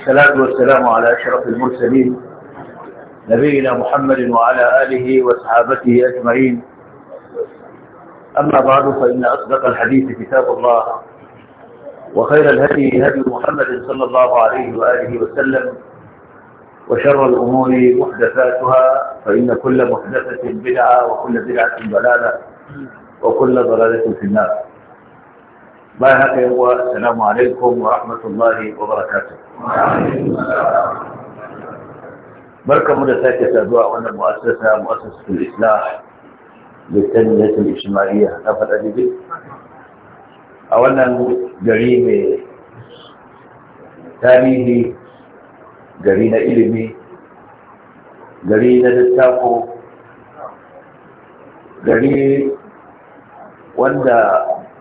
والصلاة والسلام على أشرف المرسلين نبينا محمد وعلى آله وصحابته أجمعين أما بعد فإن أصدق الحديث كتاب الله وخير الهدي هدي محمد صلى الله عليه وآله وسلم وشر الأمور محدثاتها فإن كل محدثة بدعة وكل بدعة ضلالة وكل ضلالة في النار ما هكذا السلام عليكم ورحمة الله وبركاته barkamu da sake saduwa wannan mu'assasa mu'assasatul islah da tanniyatul ishmariya na faɗa daidai a wannan gari mai tarihi gari na ilimi gari na littafo gari wanda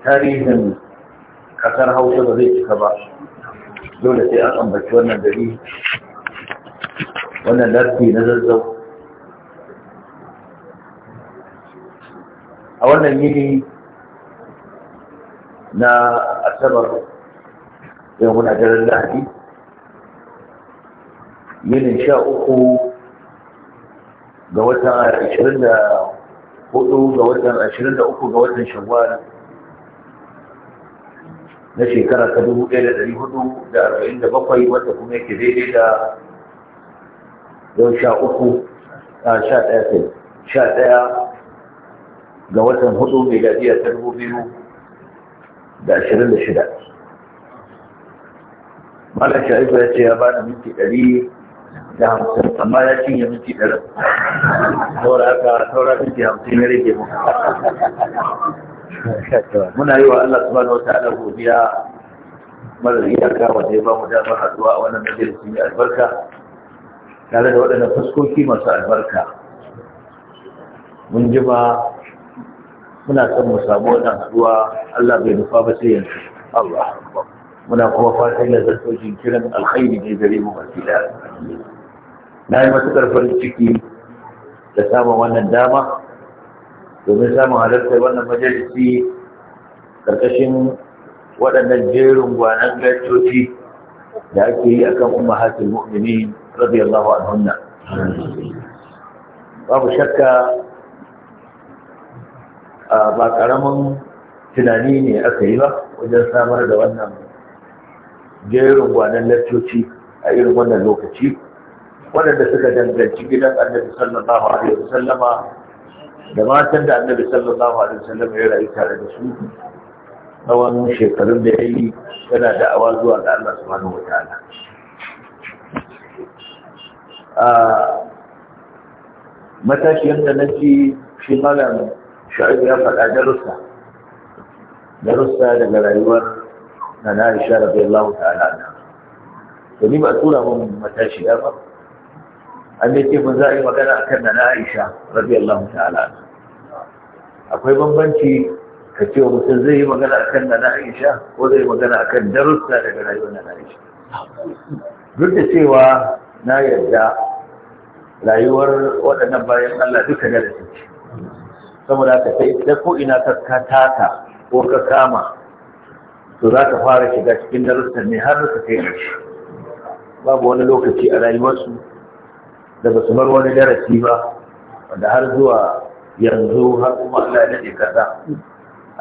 tarihin ƙasar hausa ba zai cika ba dole sai an ambaci wannan gari wannan lafi na zazzau a wannan yini na asabar yau wuna daren lahadi yinin sha uku ga watan ashirin da hudu ga watan ashirin da uku ga watan shawara na shekara ta dubu ɗaya da ɗari hudu da arba'in da bakwai wanda kuma yake daidai da yau sha uku a sha ɗaya sai sha ɗaya ga watan hudu mai gajiya ta dubu biyu da ashirin da shida malam ya ce ya ba da minti ɗari da hamsin amma ya cinye minti ɗari saura haka saura minti hamsin ya rage mu muna yi wa Allah subhanahu wa ta'ala godiya mara iyaka wanda ya ba mu damar haɗuwa a wannan majalisi mai albarka tare da waɗannan fuskoki masu albarka mun jima muna son mu samu wannan haɗuwa. Allah bai nufa ba sai yanzu Allah muna kuma fatan da zato kiran alkhairi ne gare mu masu da na yi matuƙar farin ciki da samun wannan dama domin samun halartar wannan majalisi ƙarƙashin waɗannan jerin gwanan da ake yi akan ummahatul mu'minin radiyallahu anhunna babu shakka ba ƙaramin tunani ne aka yi ba wajen samar da wannan jerin gwanan lantoci a irin wannan lokaci waɗanda suka danganci gidan annabi sallallahu alaihi wasallama da matan da annabi sallallahu alaihi wasallam ya rayu tare da su tsawon shekarun da ya yi yana da'awa zuwa ga Allah subhanahu wa ta'ala a matashiyar da nake shi malam sha'ib ya faɗa darussa darussa daga rayuwar na na isha Allah ta'ala na ni ba tura mun matashiya ba an da mun za yi magana a kan na aisha radiyallahu ta'ala akwai bambanci ka ce wa mutum zai yi magana a kan na aisha ko zai yi magana a kan darussa daga rayuwar na aisha duk da cewa na yarda rayuwar waɗannan bayan allah duka da su saboda ka sai da ko ina ka taka ko ka kama to za ka fara shiga cikin darussa ne har ka kai babu wani lokaci a rayuwarsu da ba su bar wani darasi ba wanda har zuwa yanzu har kuma Allah ya daɗe kaza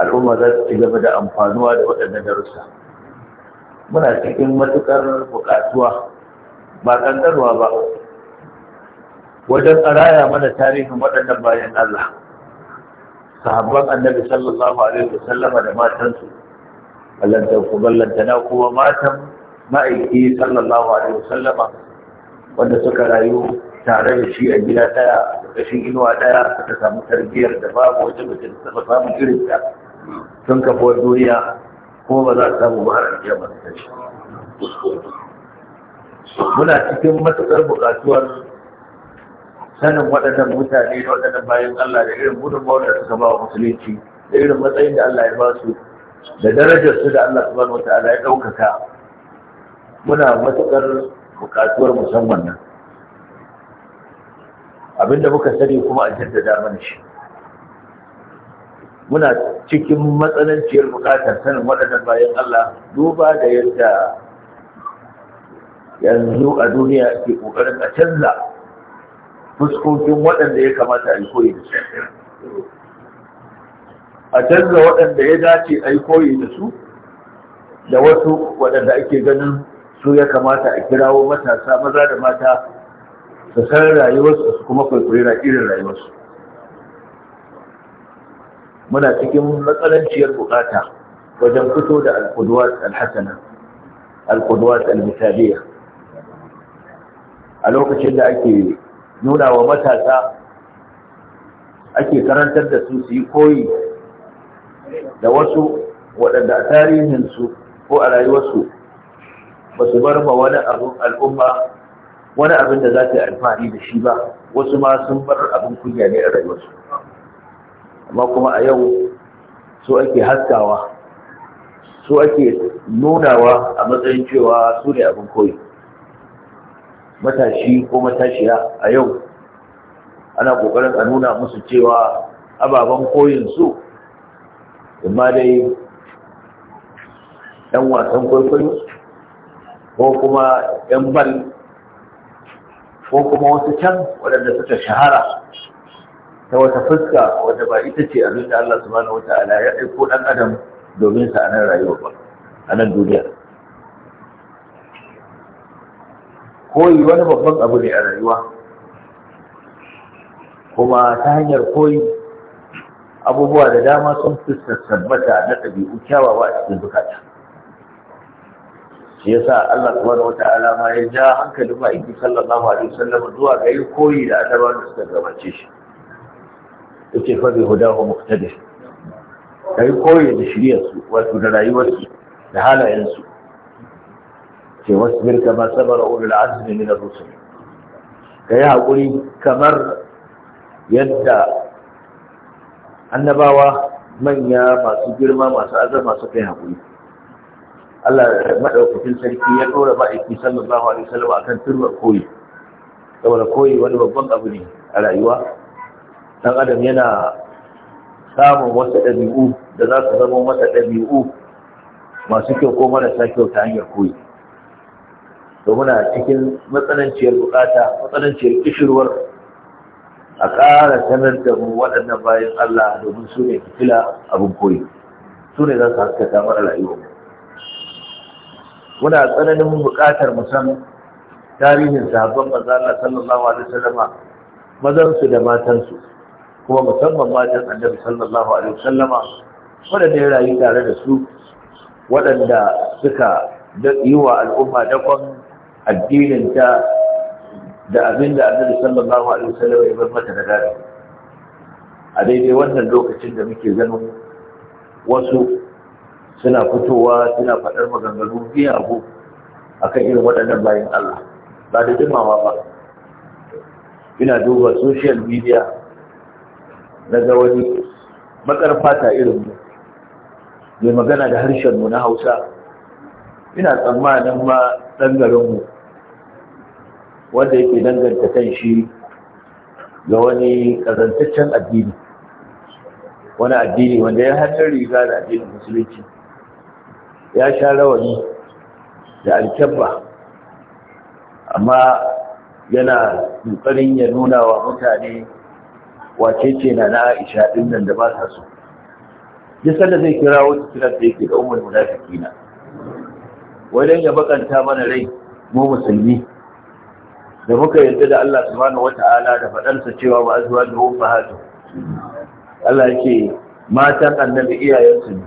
al'umma za su ci gaba da amfanuwa da waɗannan darussa muna cikin matuƙar buƙatuwa ba ƙanƙarwa ba wajen araya mana tarihin waɗannan bayan Allah sahabban annabi sallallahu alaihi wasallam da matansu ballanta ku ballanta na kuma matan ma'aiki sallallahu alaihi sallama, wanda suka rayu tare da shi a gida ɗaya a ƙarƙashin inuwa ɗaya ta samu tarbiyyar da babu wata mace da ta samun irin ta sun wa duniya kuma ba za a samu ba a rajiya masu tashi muna cikin matuƙar buƙatuwar sanin waɗannan mutane da waɗannan bayan Allah da irin gudunmawar da suka ba wa musulunci da irin matsayin da Allah ya ba su da darajar su da Allah subhanahu wa ta'ala ya ɗaukaka muna matuƙar buƙatuwar musamman nan abinda muka sani kuma a jaddada mana shi muna cikin matsananciyar bukatar sanin waɗannan bayan Allah duba da yadda yanzu a duniya ke ƙoƙarin a canza fuskokin waɗanda ya kamata a yi koyi da su a canza waɗanda ya dace a yi koyi da su da wasu waɗanda ake ganin su ya kamata a kirawo matasa maza da mata su san rayuwarsu su kuma kwaikwayi irin rayuwarsu muna cikin matsalanciyar bukata wajen fito da alkuduwat alhassana alkuduwat almisaliya a lokacin da ake nuna wa matasa ake karantar da su su yi koyi da wasu waɗanda a tarihinsu ko a rayuwarsu ba su bar ma wani abin al'umma wani abin da za ta yi alfahari da shi ba wasu ma sun bar abin kunya ne a rayuwarsu amma kuma a yau su ake haskawa su ake nunawa a matsayin cewa su ne abin koyi matashi ko matashiya a yau ana ƙoƙarin a nuna musu cewa ababen koyin su amma dai ɗan wasan kwaikwayo ko kuma ɗan bal ko kuma wasu can waɗanda suka shahara ta wata fuska wadda ba ita ce abinda da Allah subhanahu wata'ala ya aiko ɗan adam domin sa a nan rayuwa ba anan duniya koyi wani babban abu ne a rayuwa kuma ta hanyar koyi abubuwa da dama sun fuskar na ɗabi'u kyawawa a cikin bukata shi yasa Allah subhanahu wata'ala ma ya ja hankalin ma'aiki sallallahu alaihi wasallam zuwa ga yi koyi da annabawan da suka gabace shi yake fa bi hudahu muqtadir yi koyi da shiriyar su wato da rayuwar su da halayen su ce wasbir kama sabara ulul azmi min ar-rusul kai hakuri kamar yadda annabawa manya masu girma masu azama suka yi hakuri Allah maɗaukacin sarki ya dora ma'aiki sallallahu alaihi wasallam akan turbar koyi saboda koyi wani babban abu ne a rayuwa dan adam yana samun wasu ɗabi'u da za su zama masa ɗabi'u masu kyau ko marasa kyau ta hanyar koyi to muna cikin matsananciyar bukata matsananciyar kishirwar a ƙara sanar da mu waɗannan bayan Allah domin su ne fitila abin koyi su ne za su haskaka mara rayuwa muna tsananin buƙatar mu san tarihin sahabban manzo Allah sallallahu alaihi wasallama mazan su da matan su kuma musamman matan Annabi sallallahu alaihi wasallama waɗanda ya rayu tare da su waɗanda suka yi wa al'umma dakon addinin ta da abin da Annabi sallallahu alaihi wasallama ya bar mata da gari a daidai wannan lokacin da muke ganin wasu suna fitowa suna faɗar maganganu abu a kan irin waɗannan bayan Allah ba da jimawa ba ina duba social media na ga wani bakar fata irin mu mai magana da harshen mu na hausa ina tsammanin ma mu. wanda yake danganta kan shi ga wani ƙazantaccen addini wani addini wanda ya hannun riga da addinin musulunci ya sha rawani da alkyabba amma yana ƙoƙarin ya nuna wa mutane wace ce na aisha ɗinnan da ba sa so duk da zai kira wata kiran da yake da umar munafiki na wajen ya bakanta mana rai mu musulmi da muka yarda da Allah subhanahu wata'ala da faɗarsa cewa ba azuwa da hum Allah yake matan annabi iyayensu ne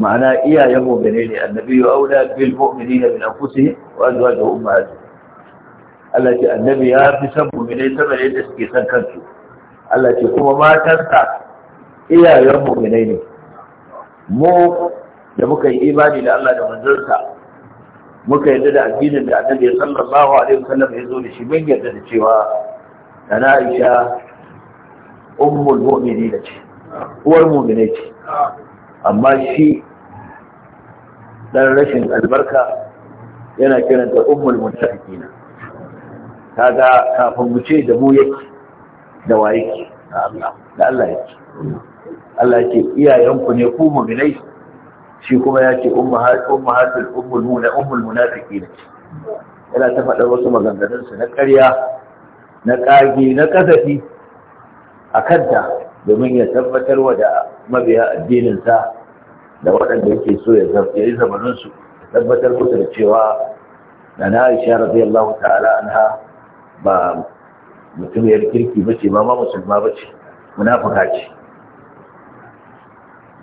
ma'ana iyayen mu'mini ne annabi ya aula bil mu'minina min anfusihim wa azwajuhum ummahatuhum Allah ce annabi ya fi san mu'minai sama da yadda suke san kansu Allah ce kuma matansa iyayen mu'minai ne mu da muka yi imani da Allah da manzansa muka yarda da addinin da annabi sallallahu alaihi wasallam ya zo da shi mun yarda da cewa ana Aisha ummul mu'minin ce uwar mu'minai ce amma shi dan rashin albarka yana kiranta ummul munafiqina kaga kafin mu ce da mu yake da wa yake da Allah yake Allah yake iyayenku ne ku mu'minai shi kuma ya ce ummahatul ummul muna ummul munafiqina yana ta faɗar wasu maganganun su na ƙarya na ƙage na kasafi a kanta domin ya tabbatar wa da mabiya addinin sa da waɗanda yake so ya yi zamaninsu tabbatar musu da cewa da na aisha radiyallahu ta'ala ba mutumiyar kirki ce ba ma musulma bace munafuka ce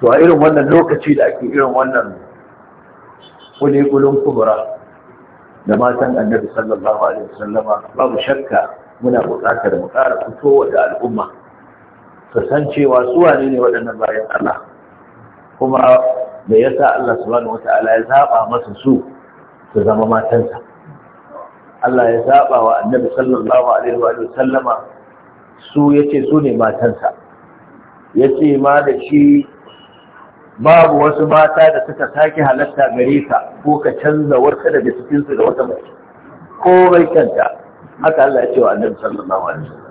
to a irin wannan lokaci da ake irin wannan kulikulun kubra da matan annabi sallallahu alaihi wasallama babu shakka muna buƙatar mu ƙara fitowa da al'umma su san cewa su wane ne waɗannan bayan Allah kuma me yasa Allah subhanahu wata'ala ya zaba masa su su zama matansa Allah ya zaba wa annabi sallallahu alaihi wa sallama su yace su ne matansa yace ma da shi babu wasu mata da suka sake halatta gare ka ko ka canza wata daga su da wata mace ko bai kanta haka Allah ya ce wa annabi sallallahu alaihi wasallam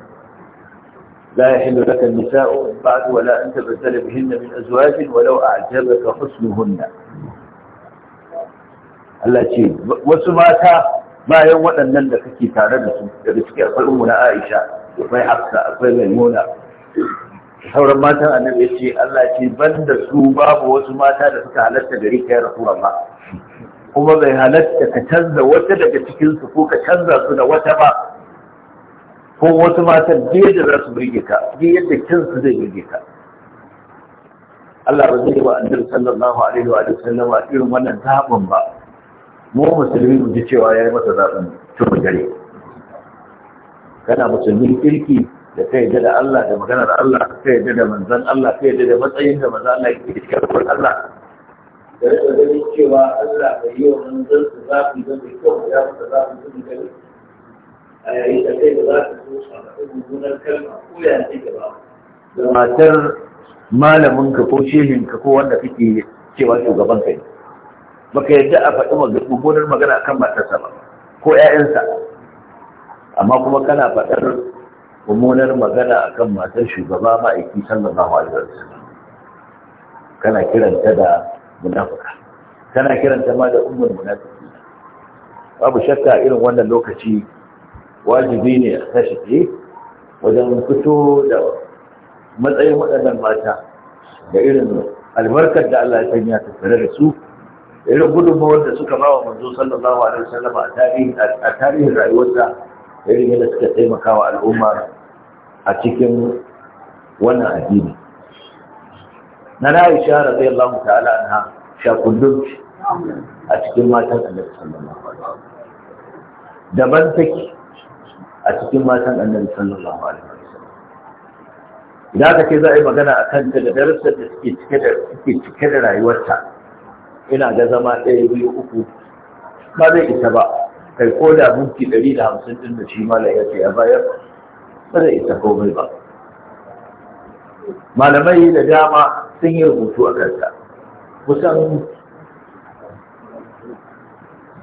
لا يحل لك النساء بعد ولا أن تبتل بهن من أزواج ولو أعجبك حسنهن Allah ce wasu mata bayan waɗannan da kake tare da su daga cikin akwai umuna Aisha akwai Hafsa akwai Maimuna sauran matan annabi ya ce Allah ce ban da su babu wasu mata da suka halarta gari ka ya kuma bai halarta ka canza wata daga cikinsu ko ka canza su da wata ba ko wasu matan da yadda za su birge ka da yadda kinsu zai birge ka Allah ba zai ba annabi sallallahu alaihi wa sallam a irin wannan zaɓin ba mu musulmi mu ji cewa yi masa zaɓin tun gare kana musulmin kirki da ta yadda da Allah da maganar Allah ta yadda da manzan Allah ta yadda da matsayin da manzan Allah ke cikin Allah da rika ganin cewa Allah bai yi wa manzan su zafi da bai kyau ya masa zafi da bai a yayin da kai ba za ka so a faɗi mummunar kalma ko ya ce gaba matar malamin ka ko shehin ka ko wanda kake cewa shugaban kai baka yadda a faɗi mummunar magana akan matarsa ba ko ƴaƴansa amma kuma kana faɗar mummunar magana akan matar shugaba ma'aiki sallallahu alaihi wasallam kana kiranta da munafuka. kana kiranta ma da ummul munafiki babu shakka irin wannan lokaci wajibi ne a tashi tsaye wajen fito da matsayin waɗannan mata da irin albarkar da Allah ya sanya ta tare da su irin gudunmawar da suka ba wa manzo sallallahu alaihi wasallam a tarihin a tarihin rayuwarsa irin yadda suka taimaka wa al'umma a cikin wannan addini na na Aisha radiyallahu ta'ala anha shakullun a cikin matan Annabi sallallahu alaihi wasallam daban take a cikin matan annabi sallallahu alaihi wasallam idan aka ce za a yi magana a kan da darasar da suke cike da suke cike da rayuwarta ina ga zama ɗaya biyu uku ba zai isa ba kai ko da minti ɗari da hamsin ɗin da shi malam ya ce ya bayar ba zai isa komai ba malamai da dama sun yi rubutu a kansa kusan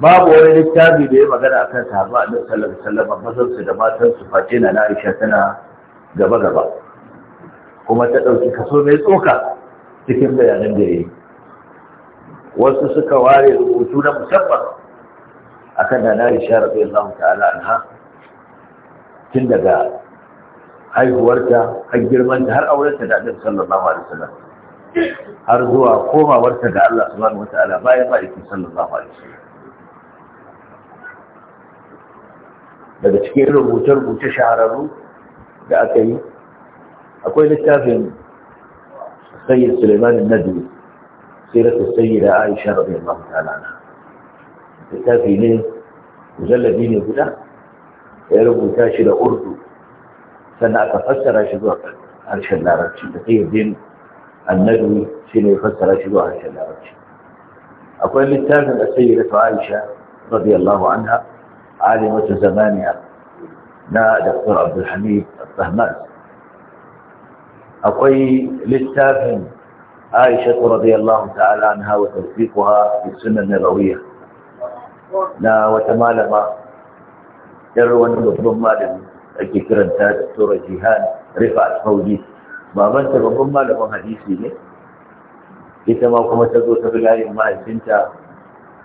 babu wani littafi da ya magana a kan sahaba a ɗan sallar sallama mazansu da matansu face na Aisha tana gaba-gaba kuma ta ɗauki kaso mai tsoka cikin bayanan da ya yi wasu suka ware rubutu na musamman a kan da na Aisha zama ta ta'ala Alha. tun daga haihuwarta har girmanta har aurenta da sallar ba alaihi sallar. har zuwa komawarta ga Allah subhanahu wataala bayan ma'aikin sallallahu alaihi sallar. daga cikin rubuce-rubuce shahararru da aka yi akwai littafin sayyid suleiman nadu sai siratu sayyida aisha radiyallahu ta'ala littafi ne zallabi ne guda ya rubuta shi da urdu sannan aka fassara shi zuwa harshen larabci da sayyidin annabi shi ne fassara shi zuwa harshen larabci akwai littafin da sayyidatu aisha Allahu anha عالمة زمانها نا دكتور عبد الحميد الطهماس أقوي للتافن عائشة رضي الله تعالى عنها وتوثيقها في السنة النبوية نا وتمالما يروى نبضم مالما ake kiranta da tura jihan rifat fauli babanta babban malaman hadisi ne ita ma kuma ta zo tafi layin mahaifinta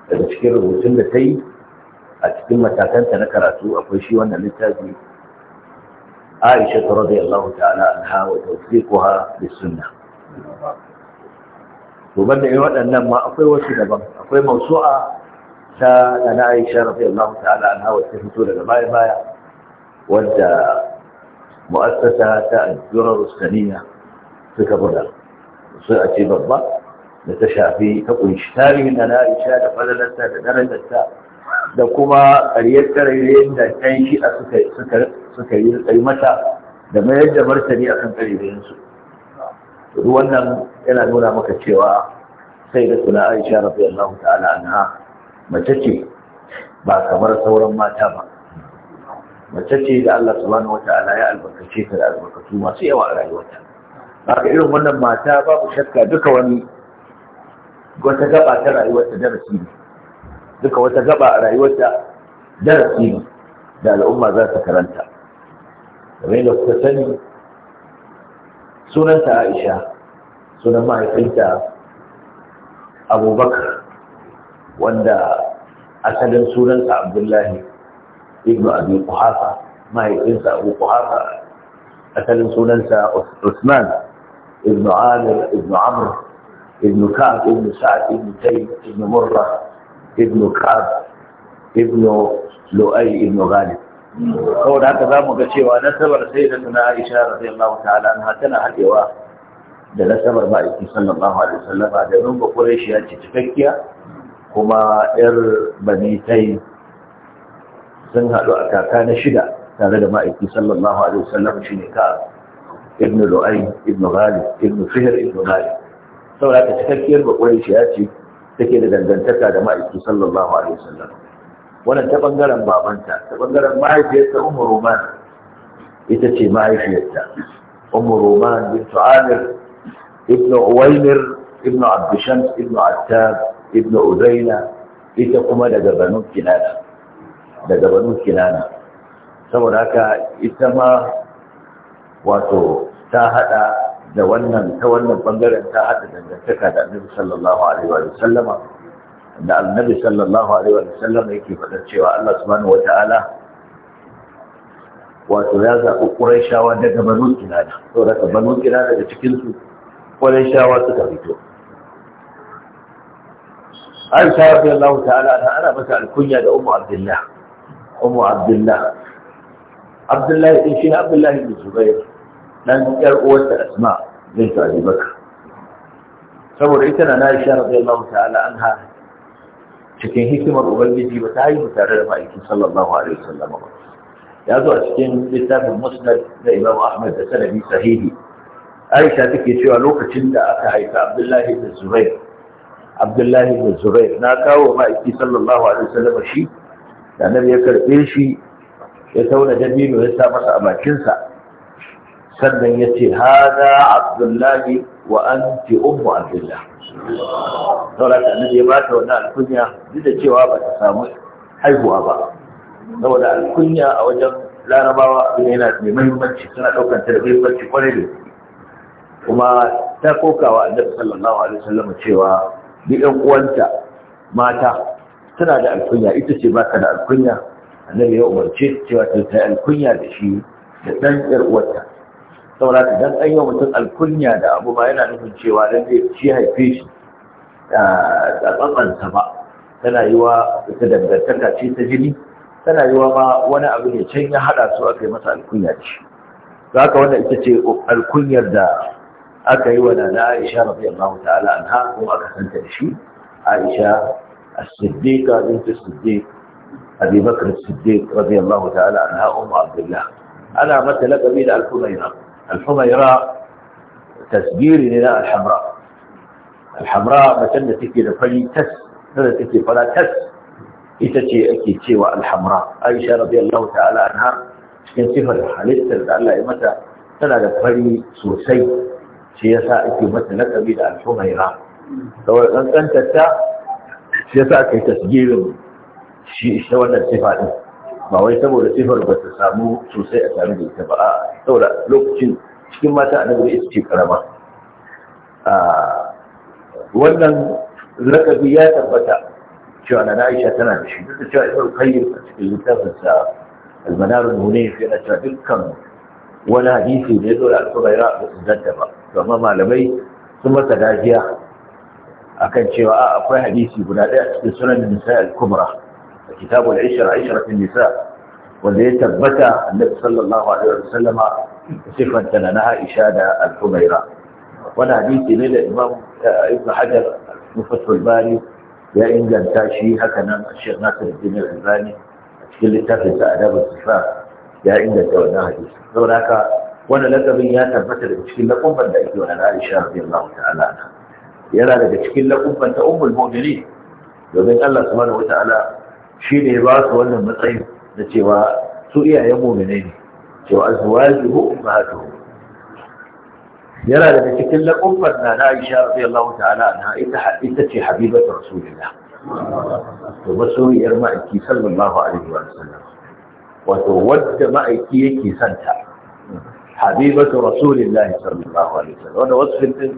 daga cikin rubutun da ta yi a cikin matakanta na karatu akwai shi wannan littafi Aisha ta radiyallahu ta'ala anha wa tawfiquha bis sunnah to banda irin waɗannan ma akwai wasu daban akwai mawsu'a ta na Aisha radiyallahu ta'ala anha wa tafito daga baya baya wadda mu'assasa ta al Durar Saniya suka buga sai a ce babba da ta shafi ta kunshi tarihin na Aisha da falalarta da darajarta da kuma ƙaryar ƙarairayin da yi a suka yi mata da mayar da martani a kan ƙarairayinsu Tudu wannan yana nuna maka cewa sai da suna aisha rafi Allah ta'ala na mace ce ba kamar sauran mata ba mace ce da allah subhanahu wa ta'ala ya albarkace ta da albarkatu masu yawa a rayuwarta haka irin wannan mata babu shakka duka wani wata gaba ta rayuwarta darasi ne duka wata gaba a rayuwarta darasi ne da al'umma za ta karanta kamar da kuka sani sunanta aisha sunan mahaifinta abubakar wanda asalin sunanta abdullahi ibn abi kuhafa mahaifinsa abu kuhafa asalin sunanta usman ibn amir ibn amr ibn ka'ab ibn sa'ad ibn tayyib ibn murra ibn Ka'ab ibn Lu'ay ibn Ghalib saboda haka za mu ga cewa nasabar sai da tuna Aisha radiyallahu ta'ala anha tana hadewa da nasabar ma'aiki sallallahu alaihi wasallam da nan ba Quraishi ya ce cikakkiya kuma yar bani tai sun haɗu a kaka na shida tare da ma'aiki sallallahu alaihi wasallam shine Ka'ab ibn Lu'ay ibn Ghalib ibn Fihr ibn Ghalib saboda haka cikakkiyar ba Quraishi ya ce take da dangantaka da ma'aiki sallallahu alaihi wasallam wannan ta bangaren babanta ta bangaren mahaifiyarta ummu roman ita ce mahaifiyarta ummu roman bint amir ibn uwaymir ibn abd ibn attab ibn uzaina ita kuma daga banu kinana daga banu kinana saboda haka ita ma wato ta hada da wannan ta wannan bangaren ta hada dangantaka da annabi sallallahu alaihi wa sallama da annabi sallallahu alaihi wa sallama yake faɗa cewa Allah subhanahu wata'ala wato ya zaɓi ƙurayshawa daga banu kinana to daga banu kinana daga cikin su ƙurayshawa suka fito an sa rabbi Allah ta'ala ana masa alkunya da ummu abdullah ummu abdullah abdullah din shi abdullah bin zubair dan yar uwarsa asma bintu Abi Bakr saboda ita na Aisha radiyallahu ta'ala ha cikin hikimar ubangiji ba ta haihu tare da ma'aikin sallallahu alaihi wasallam ba ya zo a cikin littafin musnad da Imam Ahmad da sanadi sahihi Aisha take cewa lokacin da aka haifa Abdullahi bin Zubair Abdullahi bin Zubair na kawo ma'aiki sallallahu alaihi wasallam shi da nan ya karbe shi ya tauna dabino ya sa masa a bakinsa sannan ya ce hada abdullahi wa an ce ummu abdullah saurata annabi ya bata wani alkunya duk da cewa ba ta samu haihuwa ba saboda alkunya a wajen larabawa abin yana mai muhimmanci suna ɗaukar ta da muhimmanci kwarai da kuma ta kokawa annabi sallallahu alaihi wasallam cewa ni ɗan uwanta mata tana da alkunya ita ce ba ta da alkunya annabi ya umarce cewa ta yi alkunya da shi da ɗan ƴar uwarta saboda ta dan an yi mutum alkunya da abu ba yana nufin cewa dan zai shi haife shi a tsatsansa ba tana yi wa ita dangantaka ce ta jini tana yi wa ma wani abu ne can ya haɗa su aka yi masa alkunya ce za ka wannan ita ce alkunyar da aka yi wa na aisha rafi allahu ta'ala an ha kuma aka santa da shi aisha as-siddiqa bintu siddiq abi rafi allahu ta'ala an ha abdullah ana mata laƙabi da alkunaina الحميرة تسجيل الى الحمراء الحمراء مثل تكي لفلي تس هذا تكي فلا تس إتتي أكي تيوى الحمراء عائشة رضي الله تعالى عنها كان سفر الحليل سرد الله إمتى تلا لفلي سوسي سياسة إتي لك تبيد الحميرة سواء أنت تا سياسة كي تسجيل سواء السفر ما هو يتبو لسفر سامو سوسي أتعمل إتبعاء saboda lokacin cikin mata a da ita ce karama wannan lakabi ya tabbata cewa na Aisha tana da shi duk da cewa Ibn Qayyim a cikin littafin sa Al-Manar al-Munif yana cewa dukkan wani hadisi da ya zo da Al-Qurayra ba su zanta ba to amma malamai sun masa dajiya akan cewa a akwai hadisi guda ɗaya a cikin sunan Nisa al-Kubra a kitabul Ishra Ishra Nisa wanda ya tabbata annabi sallallahu alaihi wasallama sifanta na Aisha da al-Humaira wani hadisi ne da Imam eh, Ibn Hajar al-Fathul Bari ya inganta shi haka nan Sheikh Nasiruddin Al-Albani a cikin littafin sa Adabul Sifa ya inganta wannan hadisi saboda haka wannan lakabin ya tabbata daga cikin lakabban da ake wa Aisha radiyallahu ta'ala yana daga cikin lakabban ta Ummul Mu'minin domin Allah subhanahu ta'ala shi ne ya ba su wannan matsayin na cewa su iyayen muminai ne cewa yana daga cikin laƙuffar na na Aisha radiyallahu ta'ala ita ita ce habibatu rasulillah to masoyiyar ma'aiki sallallahu alaihi wa sallam wato wadda ma'aiki yake santa habibatu rasulillah sallallahu alaihi wa sallam wanda wasfin din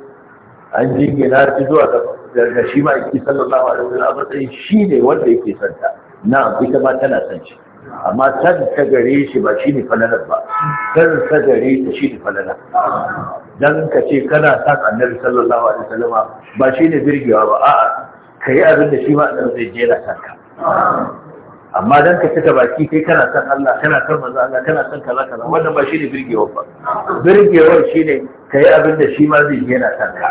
an jingina ta zuwa ga shi ma'aiki sallallahu alaihi wa sallam a matsayin shi ne wanda yake santa na ita ma tana san shi amma san ta gare shi ba shi ne falalar ba san ta gare ta shi ne falalar don ka ce kana san annabi sallallahu alaihi wasallama ba shi ne birgewa ba a'a ka yi abin da shi ma annabi zai jera san ka amma don ka cika baki kai kana san Allah kana san manzo Allah kana san kaza kaza wannan ba shi ne birgewa ba birgewar shi ne ka yi abin da shi ma zai jera san ka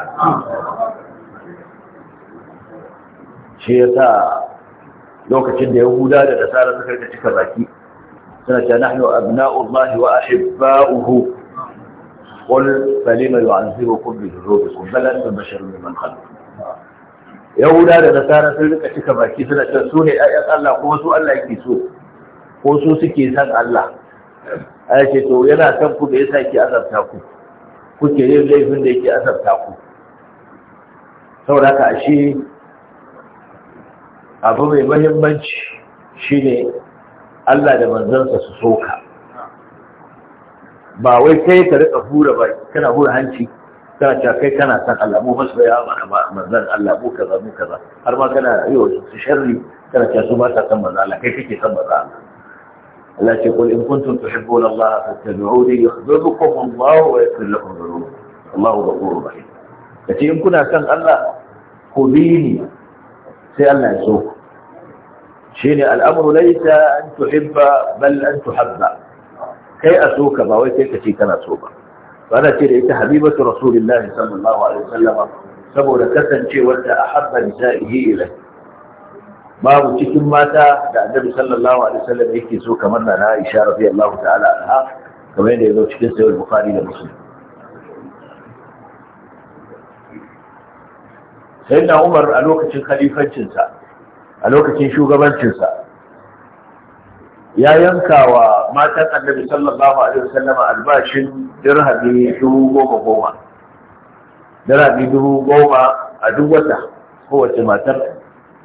shi yasa lokacin da yahuda da nasara suka rika cika baki suna cewa nahnu abna'ullahi wa ahibba'uhu qul falima yu'azibukum bi dhunubikum bal antum basharun mimman khalaq yahuda da nasara sun rika cika baki suna cewa su ne ayyan Allah kuma su Allah yake so ko su suke san Allah ai ce to yana san ku da yasa ke azabta ku kuke yin laifin da yake azabta ku saboda ka ashe abu mai mahimmanci shine Allah da manzansa su soka ba wai sai ka rika hura ba kana hura hanci kana cewa kai kana san Allah mu masu ya maka manzan Allah mu kaza mu kaza har ma kana yi wa su sharri kana cewa su ba ta san manzan Allah kai kake san manzan Allah Allah ce qul in kuntum tuhibbuna Allah fattabi'uni yuhibbukum Allah wa yaghfir lakum dhunubakum Allahu ghafurur rahim kace in kuna san Allah ku bi ni sai Allah ya so shi ne al'amuru laita an tuhibba bal an tuhabba kai a so ka ba wai kai ka ce kana so ba bana ce da ita habibatu rasulillahi saboda kasancewarta a habba nisa'ihi ilai babu cikin mata da annabi sallallahu alaihi wasallam yake so kamar na Aisha radiyallahu ta'ala anha kamar yadda ya zo cikin sahih Bukhari da Muslim sayyidina umar a lokacin khalifancinsa a lokacin shugabancinsa ya yanka wa matan annabi sallallahu alaihi wasallama albashin dirhami dubu goma goma dirhami dubu goma a duk wata kowace matar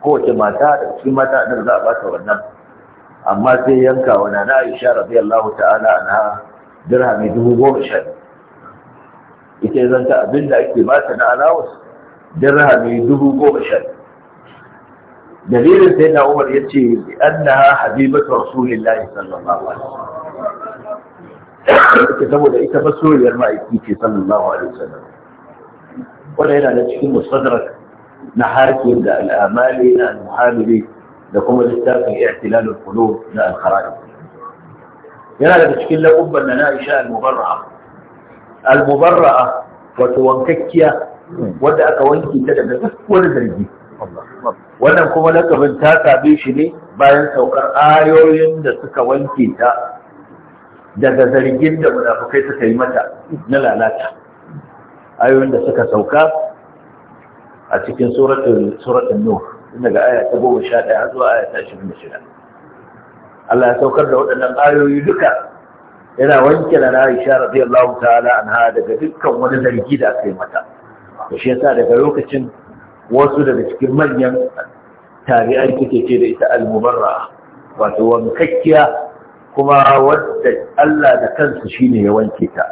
kowace mata da cikin mata annabi za a bata wannan amma sai yanka wa nana Aisha radiyallahu ta'ala anha dirhami dubu goma sha ita zanta abinda ake bata na alawas درها من دهو قوشان دليل سيدنا عمر يتي لأنها حبيبة رسول الله صلى الله عليه وسلم كتبوا لأي تبسوا يرمى إكيتي صلى الله عليه وسلم ولا هنا نتكي مستدرك نحاركي عند الأعمال إلى المحامل اعتلال القلوب لا الخرائط هنا نتكي لكم بأن نائشة المبرعة المبرعة wanda aka wanke ta daga duk wani zargi wannan kuma lakabin ta same shi ne bayan saukar ayoyin da suka wanke ta daga zargin da munafukai suka yi mata na lalata ayoyin da suka sauka a cikin suratul suratul nur daga aya ta goma sha 11 zuwa aya ta shirin da shida. Allah ya saukar da waɗannan ayoyi duka yana wanke da Aisha radiyallahu ta'ala anha daga dukkan wani zargi da aka yi mata to shi yasa daga lokacin wasu daga cikin manyan tabi'ai kike ce da ita al-mubarra wato wankakkiya kuma wadda Allah da kansa shine ya wanke ta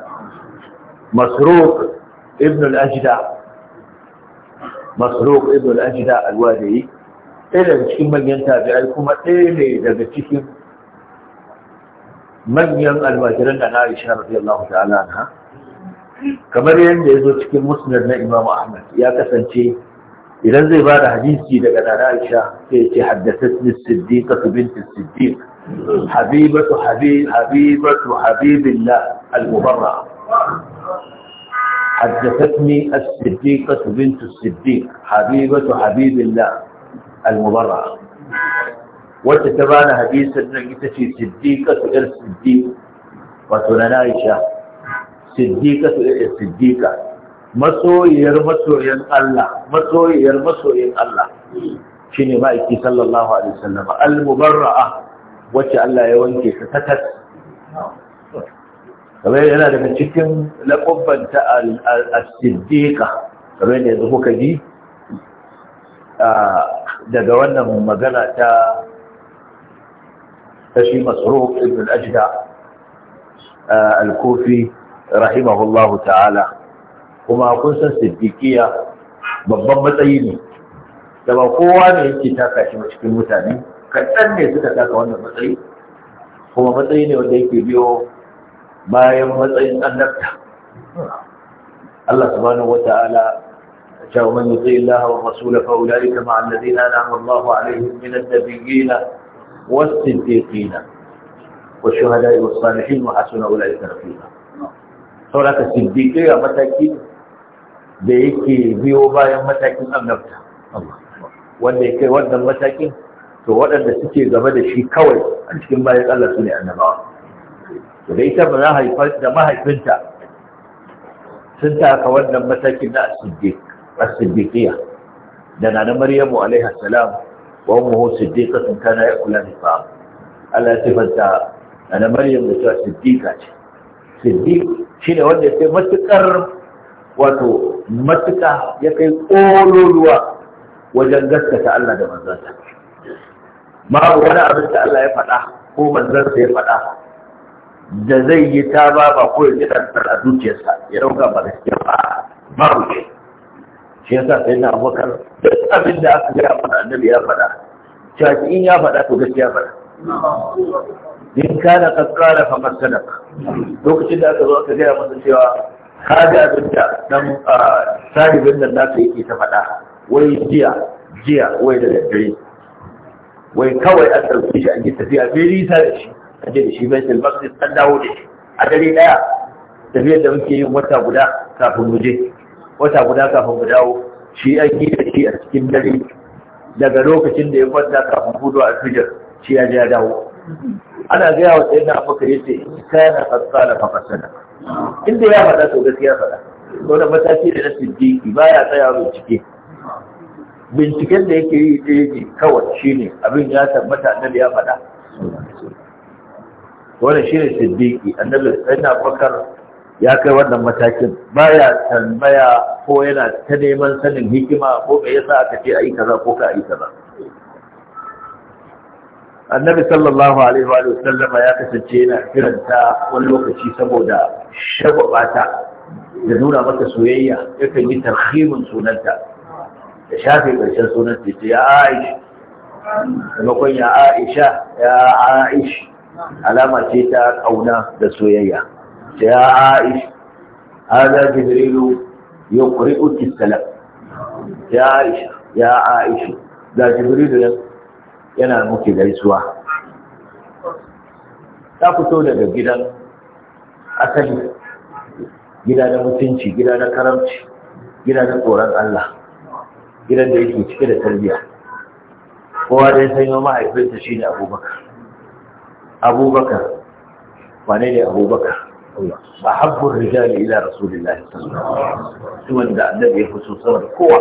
masruq ibn al-ajda masruq ibn al-ajda al-wadi daga cikin manyan tabi'ai kuma ɗaya ne daga cikin manyan almajiran da na Aisha radiyallahu ta'ala anha kamar yadda ya zo cikin musnad na Imam Ahmad ya kasance idan zai ba da hadisi daga Nana Aisha sai ya ce haddathatni Siddiqatu bint Siddiq habibatu habib habibatu habibillah al-mubarra as-siddiqa siddiq حدثتني الصديقة بنت الصديق حبيبة حبيب الله المبرعة ita ce siddiqa تشي صديقة siddiq صديق وتنانا aisha su siddiqatu siddiqa masoyiyar masoyan Allah masoyiyar masoyin Allah Shi ne ma'aiki sallallahu alaihi sallam. al-mubarra'a wacce Allah ya wanke ta tatat kamar yana daga cikin laƙubbanta al-siddiqa kamar yadda yanzu kuka ji daga wannan magana ta tashi masruq ibn al kofi rahimahullahu ta'ala kuma kun san siddiqiya babban matsayi ne da ba kowa ne yake taka shi cikin mutane kaɗan ne suka taka wannan matsayi kuma matsayi ne wanda yake biyo bayan matsayin annabta Allah subhanahu wa ta'ala cewa man yuti Allah wa rasula fa ulaika ma'a alladhina an'ama Allahu alaihim min an-nabiyyin was-siddiqin والشهداء والصالحين وحسن أولئك رفيقا Ka siddiƙai a mataki da yake biyo bayan matakin annabta wanda ya kai wannan matakin to waɗanda suke game da shi kawai a cikin bayan Allah su ne annabawa to da ita ba haifar da mahaifinta sun taka wannan matakin na asiddiqiya da na na maryamu alaiha salam wa ummuhu siddiqatun kana kula ni fa Allah ya sifanta na maryamu da ta siddiqa ce Siddi shi ne wanda ya kai matuƙar wato matuƙa ya kai ƙololuwa wajen gaskata Allah da manzansa babu wani abin da Allah ya faɗa ko manzansa ya faɗa da zai yi ta ba ba ko ya ɗanɗar a zuciyarsa ya ɗauka ba gaskiya ba babu shi shi yasa sai na abokan duk abin da aka gaya faɗa annabi ya faɗa cewa in ya faɗa to gaskiya faɗa in kana kaskara fa masana lokacin da aka zo aka gaya masa cewa ka ga abin da dan sahibin nan naka yake ta faɗa wai jiya jiya wai da daddare wai kawai an ɗauki shi an yi tafiya bai nisa da shi A jiya da shi baitul maqdis an dawo da shi a dare ɗaya tafiyar da muke yin wata guda kafin mu je wata guda kafin mu dawo shi an yi da shi a cikin dare daga lokacin da ya kwanta kafin gudu a fijar shi ya je ya dawo ana gaya wa sayyidina abubakar yace in kana fasala fa fasala inda ya faɗa to gaskiya faɗa to da mataki da na siddiqi baya tsaya bincike binciken da yake yi ɗaya ne kawai shine abin ya tabbata annabi ya faɗa wannan shine siddiqi annabi sayyidina abubakar ya kai wannan matakin baya tambaya ko yana ta neman sanin hikima ko me yasa aka ce ai kaza ko ka ai kaza annabi sallallahu alaihi wa sallama ya kasance yana kiranta wani lokaci saboda shagwabata da nuna maka soyayya ya kan yi tarhimin sunanta da shafe ƙarshen sunanta ya ce ya aish maimakon ya aisha ya aish alama ce ta ƙauna da soyayya ce ya aish hada jibrilu ya ƙuri'u kisalam ya aisha ya aisha da jibrilu nan yana muke gaisuwa ta fito daga gidan asali gida na mutunci gida na karamci gida na tsoron Allah gidan da yake cike da tarbiyya kowa dai sai ma mahaifinta shine Abubakar Abubakar wane ne Abubakar ba habbur rijali ila rasulillah sallallahu alaihi wasallam da annabi ya fi sama da kowa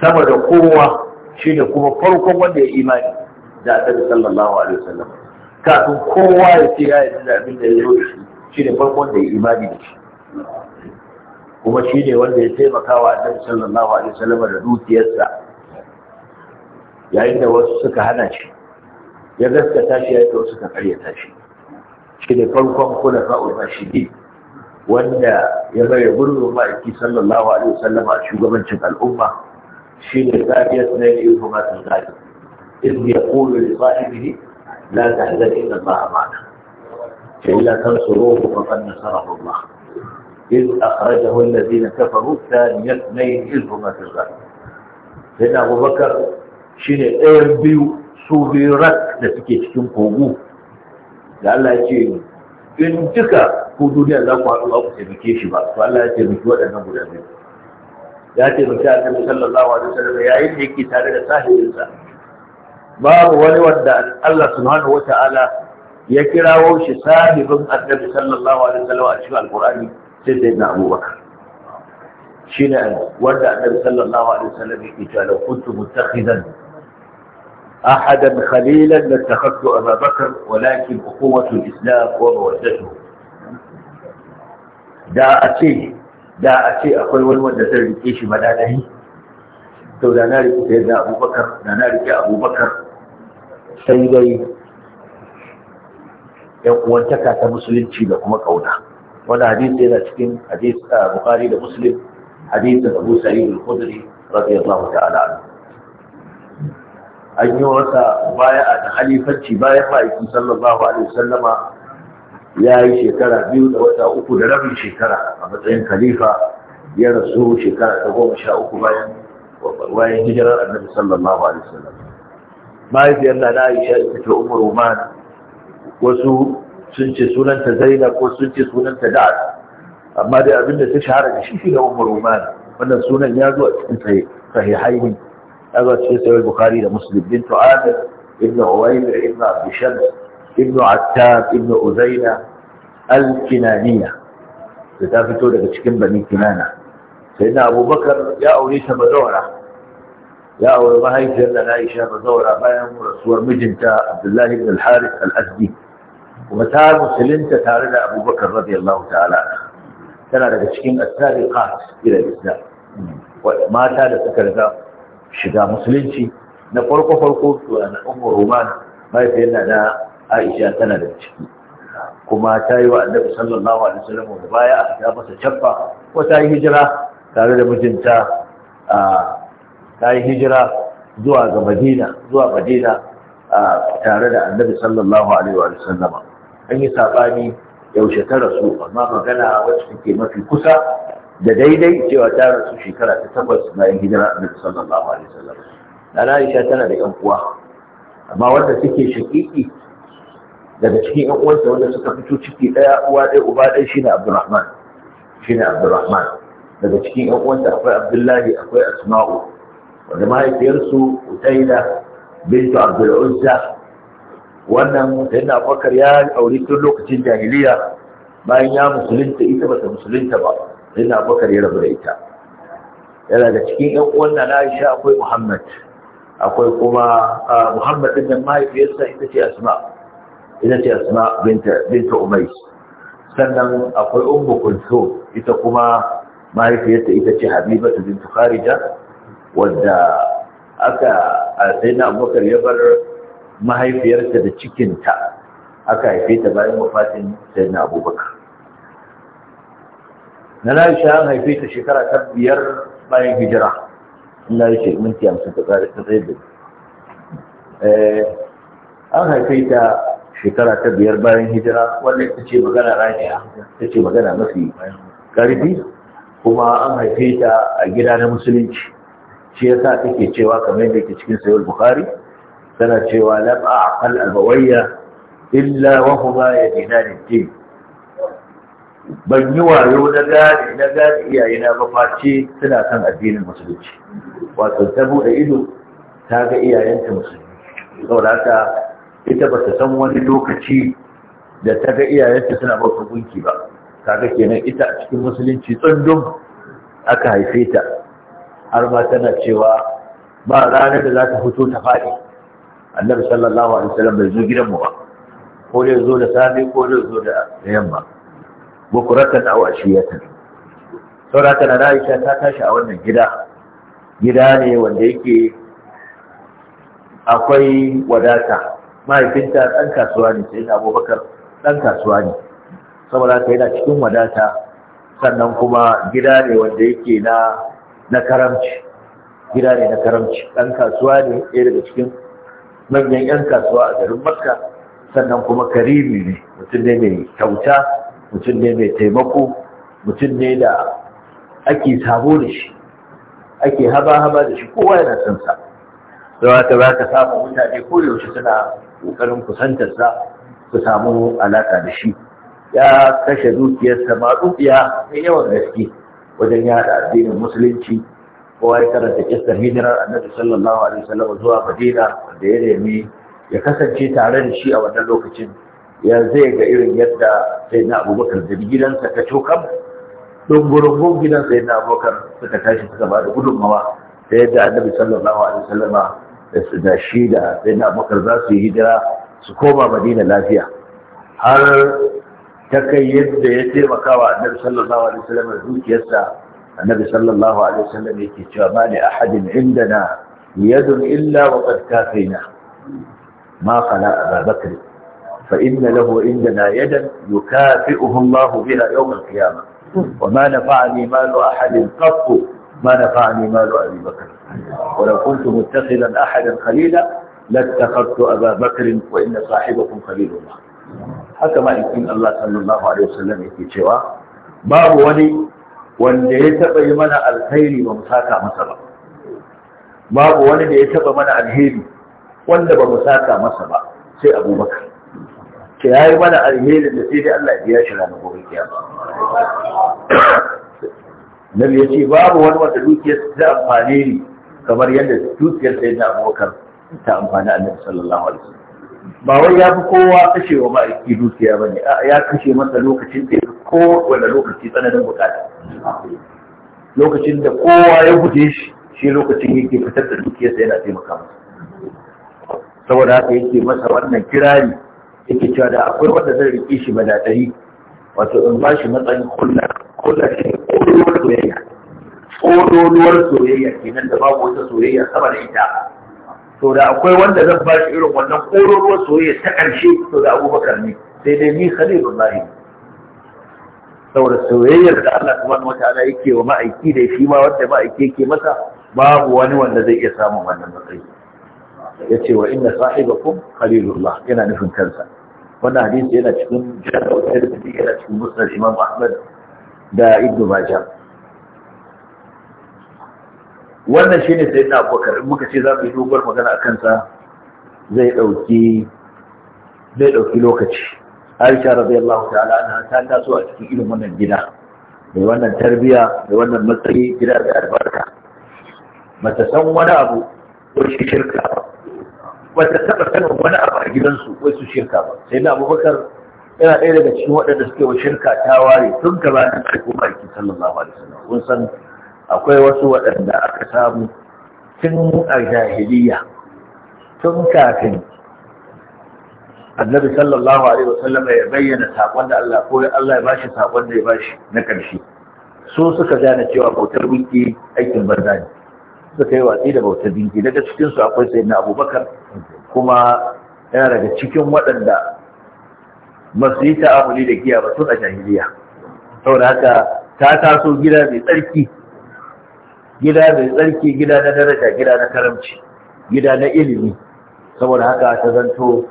sama da kowa shi ne kuma farkon wanda ya imani da annabi sallallahu alaihi wasallam kafin kowa ya ce ya yi da abin da ya zo da shi shi ne farkon da ya imani da shi kuma shi ne wanda ya taimaka wa annabi sallallahu alaihi wasallam da dukiyarsa yayin da wasu suka hana shi ya gaskata shi yayin da wasu suka karyata shi shi ne farkon kula fa'ul rashidi wanda ya bayar gurbin ma'aiki sallallahu alaihi wasallam a shugabancin al'umma شيل الثانية اثنين إلهما تزداد إذ يقول لصاحبه لا تحزن إن الله معنا إلا تنصروه فقد نصره الله إذ أخرجه الذين كفروا ثاني اثنين إلهما تزداد سيدنا أبو بكر شيل أيام بيو سوبيرات لسكي تنقوه لألا يجي إن تكا ku duniya za ku haɗu ku taimake shi ba to Allah ya taimaki waɗannan guda biyu ya ce mace annabi sallallahu alaihi sallam yayin da yake tare da sahibinsa babu wani wanda Allah subhanahu wata'ala ya kirawo shi sahibin annabi sallallahu alaihi wasallam a cikin alqur'ani sai sai na abubakar shine wanda annabi sallallahu alaihi wasallam yake cewa law kuntu muttakhidan أحدا خليلا لاتخذت أبا بكر ولكن أخوة الإسلام ومودته da a ce da a ce akwai wani wanda zai rike shi madadari to da na rike sai da abubakar da na rike abubakar sai dai yan uwantaka ta musulunci da kuma kauna wani hadisi yana cikin hadisi bukari da muslim hadisi da abu sa'id al-khudri radiyallahu ta'ala anhu an yi wata baya a halifanci bayan ma'aikin sallallahu alaihi wasallama ya yi shekara biyu da wata uku da rabin shekara a matsayin khalifa ya rasu shekara ta goma sha uku bayan bayan hijirar annabi sallallahu alaihi wasallam mahaifiyar na na aisha ita ce umar umar wasu sun ce sunanta zainab ko sun ce sunanta da'ad amma dai abin da ta shahara da shi da umar umar wannan sunan ya zo a cikin sahihaini ya zo a cikin sahih bukhari da muslim bin tu'ad ibn uwayl ibn abd shams ibn attab ibn uzaina al-kinaniya da ta fito daga cikin bani kinana sai na abubakar ya aure ta bazawara ya aure mahaifiyar da na isha bazawara bayan rasuwar mijinta abdullahi ibn al-harith al-azdi kuma ta musulunta tare da abubakar radiyallahu ta'ala tana daga cikin at-tariqat ila islam mata da suka riga shiga musulunci na farko farko to na ummu ruman mahaifiyar na aisha tana da ciki kuma ta yi wa annabi sallallahu alaihi wasallam da baya ta masa cabba ko ta yi hijira tare da mijinta ta yi hijira zuwa ga madina zuwa madina tare da annabi sallallahu alaihi wasallama an yi sabani yaushe ta rasu amma magana wacce take mafi kusa da daidai cewa ta rasu shekara ta takwas bayan hijira annabi sallallahu alaihi wasallam dan Aisha tana da yan uwa amma wanda suke shakiki daga cikin yan uwansa wanda suka fito ciki daya uwa ɗaya uba ɗaya shine Abdurrahman shine Abdurrahman daga cikin yan uwansa akwai Abdullahi akwai Asma'u wanda mahaifiyarsu Utaida bintu Abdul Uzza wannan sayyidina Abubakar ya aure tun lokacin jahiliya bayan ya musulunta ita bata musulunta ba sayyidina Abubakar ya rabu da ita yana da cikin yan uwan na Aisha akwai Muhammad akwai kuma ah, Muhammad din mahaifiyarsa ita ce Asma ita ce asma binta umais sannan akwai ummu kulso ita kuma mahaifiyarta ita ce habibatu Binta kharija wadda aka sayyidina abubakar ya bar mahaifiyarta da cikinta aka haife ta bayan wafatin sayyidina abubakar na laisha an haife ta shekara ta biyar bayan hijira in laisha minti hamsin ta tsari ta tsaye da eh, an haife ta shekara ta biyar bayan hijira wanda ita ce magana rajiya ita ce magana mafi ƙarfi kuma an haife ta a gida na musulunci shi yasa take cewa kamar yadda ke cikin sayar bukhari tana cewa a aqal albawayya illa wa huma yadinani din ban yi wayo na gane na iyayena ba face suna kan addinin musulunci wato ta bude ido ta ga iyayenta musulunci. saboda haka ita ba ta san wani lokaci da ta ga iyayenta suna bautar gunki ba kaga kenan ita a cikin musulunci tsundum aka haife ta har ma tana cewa ba ranar da za ta fito ta faɗi annabi sallallahu alaihi wasallam bai zo gidanmu ba ko zai zo da safe ko zai zo da yamma bukuratan da awashiyata saurata na Aisha ta tashi a wannan gida gida ne wanda yake akwai wadata mahaifinta ɗan kasuwa ne sai na abubakar ɗan kasuwa ne saboda haka yana cikin wadata sannan kuma gida ne wanda yake na na karamci gida ne na karamci ɗan kasuwa ne ɗaya daga cikin manyan 'yan kasuwa a garin makka sannan kuma karimi ne mutum ne mai kyauta mutum ne mai taimako mutum ne da ake sabo da shi ake haba-haba da shi kowa yana son sa don haka za ka samu mutane ko yaushe suna ƙoƙarin kusantarsa su samu alaƙa da shi ya kashe dukiyarsa ma dukiya mai yawan gaske wajen yada addinin musulunci kowa ya karanta kistar hijirar annabi sallallahu alaihi wasallam zuwa madina wanda ya nemi ya kasance tare da shi a wannan lokacin ya zai ga irin yadda sai na abubakar da gidansa ta cokan dungurungun gidansa na abubakar suka tashi suka ba da gudunmawa ta yadda annabi sallallahu alaihi wasallama da shi da sayyidina abokar za su yi hijira su koma madina lafiya har ta kai yadda ya taimaka wa annabi sallallahu alaihi wasallam da dukiyarsa annabi sallallahu alaihi wasallam yake cewa ma li ahadin indana yadun illa wa qad kafaina ma qala abubakar فإن له عندنا يدا يكافئه الله بها يوم القيامة وما نفعني مال أحد قط ما نفعني malu أبي بكر ولو كنت متخذا أحدا خليلا لاتخذت أبا بكر وإن صاحبكم خليل الله haka ma ma'aikin Allah sallallahu Alaihi wasallam yake cewa babu wani wanda ya taɓa yi mana alkhairi ba mu saka masa ba babu wani da ya taɓa mana alheri wanda ba mu saka masa ba sai abubakar ke ya yi mana alheri da sai dai Allah ya shi ranar gobe kiyama nabi ya ce babu wani wanda dukiyar ta amfani ne kamar yadda dukiyar sai da abokar ta amfani nan sallallahu alaihi ba wai ya fi kowa kashe wa ma'aiki dukiya ba ne ya kashe masa lokacin da ya ko wanda lokaci tsananin bukata lokacin da kowa ya guje shi shi lokacin yake fitar da dukiyarsa yana taimaka masa saboda haka yake masa wannan kirari yake cewa da akwai wanda zai rike shi ba wato in ba shi matsayin kulla kulla shi ne ko wani soyayya ƙololuwar soyayya kenan da babu wata soyayya sama da ita to da akwai wanda zan ba shi irin wannan ƙololuwar soyayya ta ƙarshe to da abubakar ne sai dai ni khalilullahi saboda soyayyar da Allah subhanahu wataala yake wa ma'aiki da shi ma wanda ma'aiki yake masa babu wani wanda zai iya samun wannan matsayi Ya ce wa inna sahibakum khalilullah yana nufin kansa wannan hadisi yana cikin jami'ar da yana cikin musnad Imam Ahmad da Ibn Majah wannan shi ne sai Abubakar, in muka ce za mu yi dogon magana a kansa zai ɗauki zai ɗauki lokaci aisha radiyallahu ta'ala anha ta taso a cikin ilimin wannan gida mai wannan tarbiya mai wannan matsayi gida da albarka bata san wani abu ko shi shirka ba bata taɓa san wani abu a gidansu ko su shirka ba sai na abubakar yana ɗaya daga cikin waɗanda suke wa shirka ta ware tun ƙarfi aiko ma'aiki sallallahu alaihi wasallam kun san akwai wasu waɗanda aka samu tun a jahiliya tun kafin annabi sallallahu alaihi wasallam ya bayyana sakon da Allah ko Allah ya bashi sakon da ya bashi na ƙarshe Su suka gane cewa bautar binki aikin banza ne suka yi watsi da bautar binki daga cikin su akwai sayyidina Abubakar kuma yana daga cikin waɗanda ba su yi ta'amuli da giya ba tun a jahiliya saboda haka ta taso gida mai tsarki gida mai tsarki gida na daraja gida na karamci gida na ilimi saboda haka ta zanto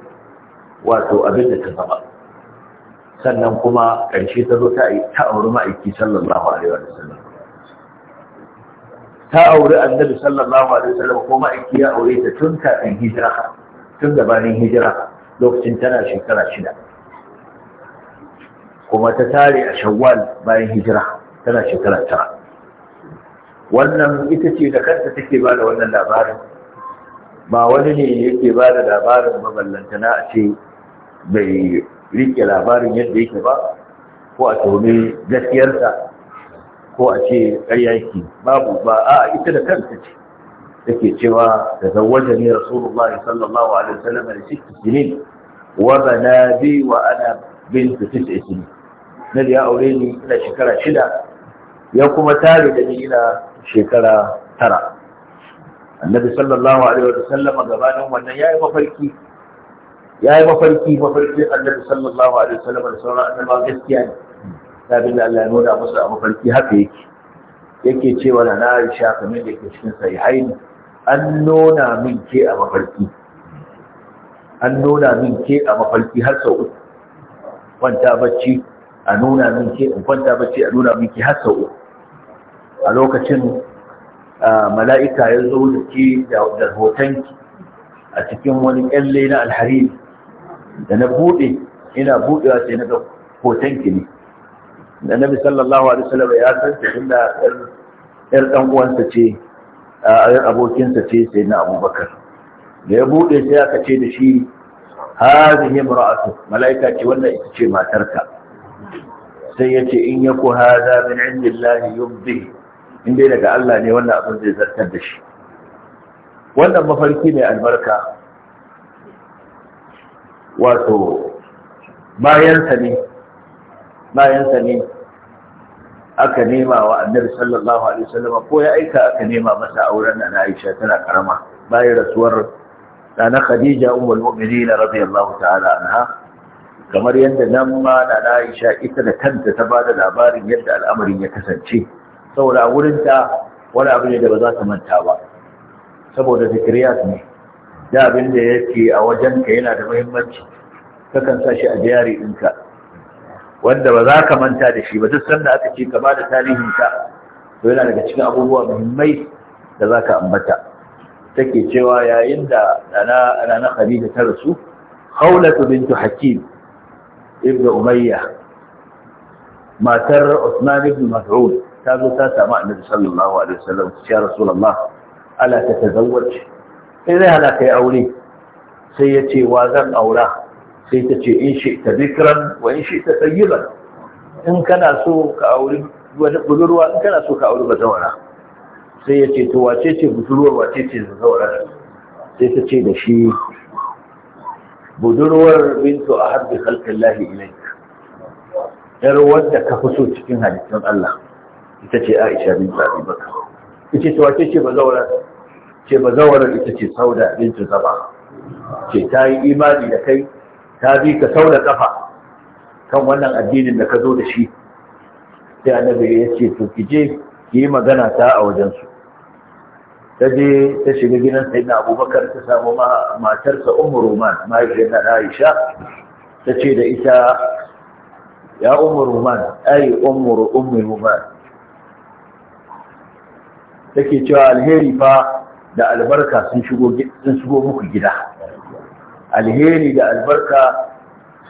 wato abin da ta zama sannan kuma ƙarshe ta zo ta auri ma'aiki sallallahu alaihi wa sallam ta auri annabi sallallahu alaihi wa sallam ko ma'aiki ya aure ta tun kafin hijira tun gabanin hijira lokacin tana shekara shida kuma ta tare a shawwal bayan hijira tana shekara tara wannan ita ce da kanta take ba da wannan labarin ba wani ne yake ba da labarin maballantana a ce bai rike labarin yadda yake ba ko a taune gaskiyarsa ko a ce ƙaryaki babu ba a ita da kanta ce take cewa da zawaje ne rasulullahi sallallahu alaihi wasallam da shi sinin wa bana bi wa ana bintu tis'a sinin nabi ya aure ni ina shekara shida ya kuma tare da ni ina shekara tara annabi sallallahu alaihi wa sallam gabanin wannan yayi mafarki yayi mafarki mafarkin annabi sallallahu alaihi wa sallam da sauran annabawa gaskiya ne sabin da Allah ya nuna musu a mafarki haka yake yake cewa na yi Aisha kamar da ke cikin sahihain an nuna min ke a mafarki an nuna min ke a mafarki har sau uku kwanta bacci a nuna min ke in kwanta bacci a nuna min ke har sau uku a lokacin mala'ika ya zo da ke da hotonki a cikin wani ƙyalle na alhariri da na buɗe ina buɗewa sai na ga hotonki ne da nabi sallallahu alaihi wasallam ya san ta inda yar ɗan uwansa ce a abokinsa ce sai na abubakar da ya buɗe sai aka ce da shi hazihi imra'atu mala'ika ce wannan ita ce matarka sai yace in yaku hadha min indillahi yubdi in dai daga Allah ne wannan abin zai zartar da shi wannan mafarki mai albarka wato bayansa ne bayansa ne aka nema wa annabi sallallahu alaihi wasallam ko ya aika aka nema masa auren nan Aisha tana karama bayan rasuwar dana Khadija ummul mu'minin radiyallahu ta'ala anha kamar yadda nan ma da Aisha ita da kanta ta bada labarin yadda al'amarin ya kasance saboda a wurinta wani abu ne da ba za ta manta ba saboda zikiriyat ne da abin da yake a wajen ka yana da muhimmanci kakan sa shi a jari ɗinka wanda ba za ka manta da shi ba duk sanda aka ce ka ba da tarihinka to yana daga cikin abubuwa muhimmai da za ka ambata take cewa yayin da rana khadija ta rasu khawlatu bintu hakim ibnu umayya matar usman ibn mas'ud ta zo ta samu annabi sallallahu alaihi wasallam ya rasulullah ala ta tazawwaj sai zai hana kai aure sai ya ce wa zan aura sai ta ce in shi'ta bikran wa in shi'ta tayyiban in kana so ka aure wani budurwa in kana so ka aure bazawara sai ya ce to wace ce budurwar wace ce bazawara sai ta ce da shi budurwar bintu a harbi halkar lahi ilaik yar wadda ka fi so cikin halittun Allah ita ce aisha bin abi bakar ita ce wace ce bazawara ce bazawara ita ce sauda bintu zaba ce ta yi imani da kai ta bi ka sauda kafa kan wannan addinin da ka zo da shi sai annabi ya ce to ki je ki yi magana ta a wajensu ta je ta shiga gidan sayyidina abubakar ta samu matarsa ummu ruman mahaifiyar na aisha ta ce da ita ya ummu ruman ai ummu ummu ruman take cewa alheri fa da albarka sun shigo muku gida alheri da albarka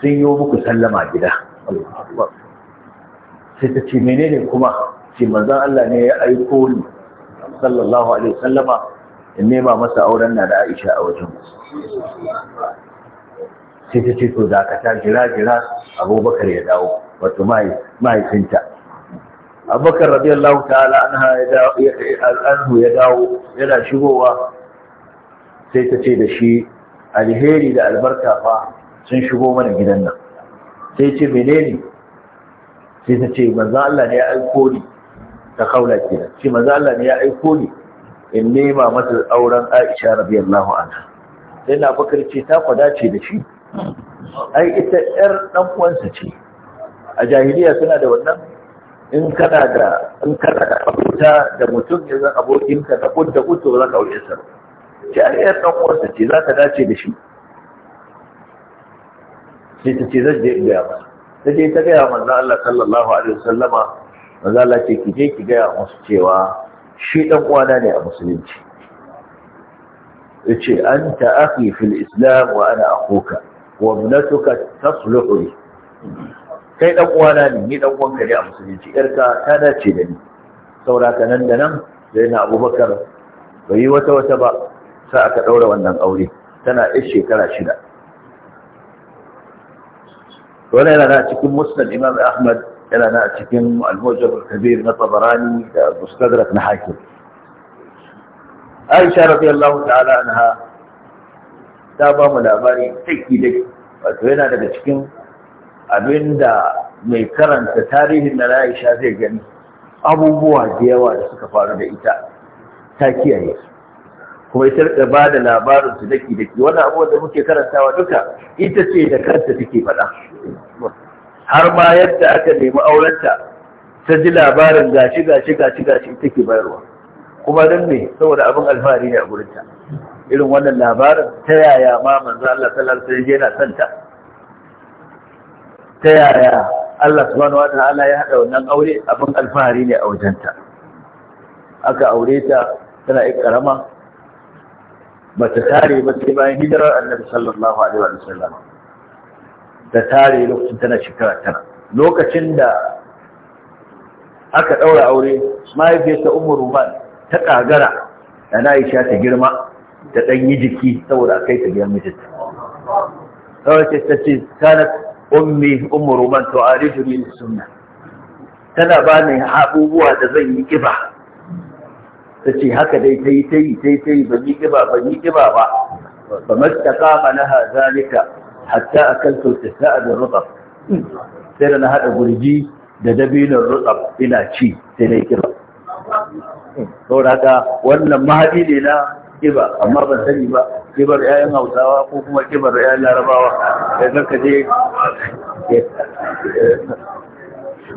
sun yi muku sallama gida sai ta ce menene kuma ce manzan Allah ne ya aiko ni sallallahu alaihi sallama in nema masa auren na da aisha a wajen sai ta ce to da ka ta jira jira abubakar ya dawo wato mahaifinta abubakar radiyallahu ta'ala anhu ya dawo yana shigowa sai ta ce da shi alheri da albarka fa sun shigo mana gidan nan sai ce menene sai ta ce manzo Allah ne ya aiko ni ta kaula kenan shi manzo Allah ne ya aiko ni in nema mata auren Aisha radiyallahu anha sai na bakar ce ta kwada ce da shi ai ita yar dan uwansa ce a jahiliya suna da wannan in kana da in kana da abuta da mutum ya zan abokinka na kun da kuto za ka aure sa ce ai yar dan uwarsa ce za ta dace da shi sai ta ce zan je in gaya masa ta je ta gaya manzo Allah sallallahu alaihi wasallama manzo Allah ce ki je ki gaya musu cewa shi dan uwana ne a musulunci yace anta akhi fil islam wa ana akhuka wa ibnatuka tasluhu kai ɗan uwana ne ni ɗan uwanka ne a musulunci yarka ta dace da ni saura ka nan da nan sai na abubakar bai yi wata wata ba sai aka ɗaura wannan aure tana ɗan shekara shida wannan yana na cikin musnad imam ahmad yana na cikin al-mujam kabir na tabarani da mustadrak na hakim aisha radiyallahu ta'ala anha ta ba mu labari sai dai wato yana daga cikin abinda mai karanta tarihin na Aisha zai gani abubuwa da yawa da suka faru da ita ta kiyaye kuma ita da ba da labarin su daki daki wannan abubuwan da muke karantawa duka ita ce da kanta take faɗa har ma yadda aka nemi aurenta ta ji labarin gashi gashi gashi gashi ita ke bayarwa kuma don me saboda abin alfahari ne a gurinta irin wannan labarin ta yaya ma manzo Allah sallallahu alaihi wasallam yana santa ta yaya Allah subhanahu ta'ala ya haɗa wannan aure abin alfahari ne a wajenta aka aure ta tana yi karama ba ta tare ba sai bayan hijirar annabi sallallahu alaihi wa sallam ta tare lokacin tana shekara tana lokacin da aka ɗaura aure mahaifiyarta umar ruban ta ƙagara da na isha ta girma ta ɗanyi jiki saboda a kai ta biyan mijinta. Kawai ce ta ce, ummi ummu ruman tu'arifu li sunna tana ba ni abubuwa da zan yi kiba tace haka dai tayi tayi tayi tayi ban yi kiba ban yi kiba ba famastaqama laha zalika hatta akaltu tisa'ad ar-rutab sai da na hada gurji da dabinin rutab ina ci sai dai kiba saboda haka wannan mahadi ne na kiba amma ban sani ba kibar yayan hausawa ko kuma kibar yayan larabawa da zaka je eh,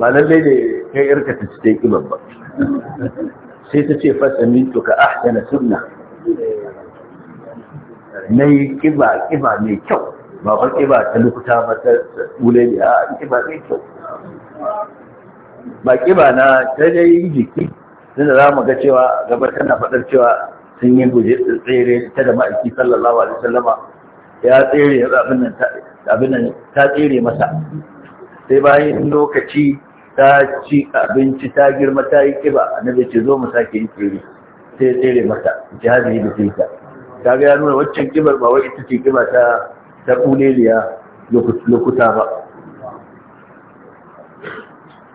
ba lalle ne kai yarka ta ci kibar ba sai ta ce fasamin tuka ahsana sunna nayi kiba kiba mai kyau ba ba kiba ta lukuta ba ta dule ne a kiba mai kyau ba kiba na ta yi jiki tunda za mu ga cewa gaba tana faɗar cewa sun yi guje tsere ta da ma'aiki sallallahu alaihi wasallama ya tsere ya abin nan abin nan ta tsere masa sai bayan lokaci ta ci abinci ta girma ta yi kiba annabi ce zo mu sake yi tsere sai tsere mata jihadi da sai ta ga ya nuna waccan kibar ba wai ita ce kiba ta ta kuleliya lokuta ba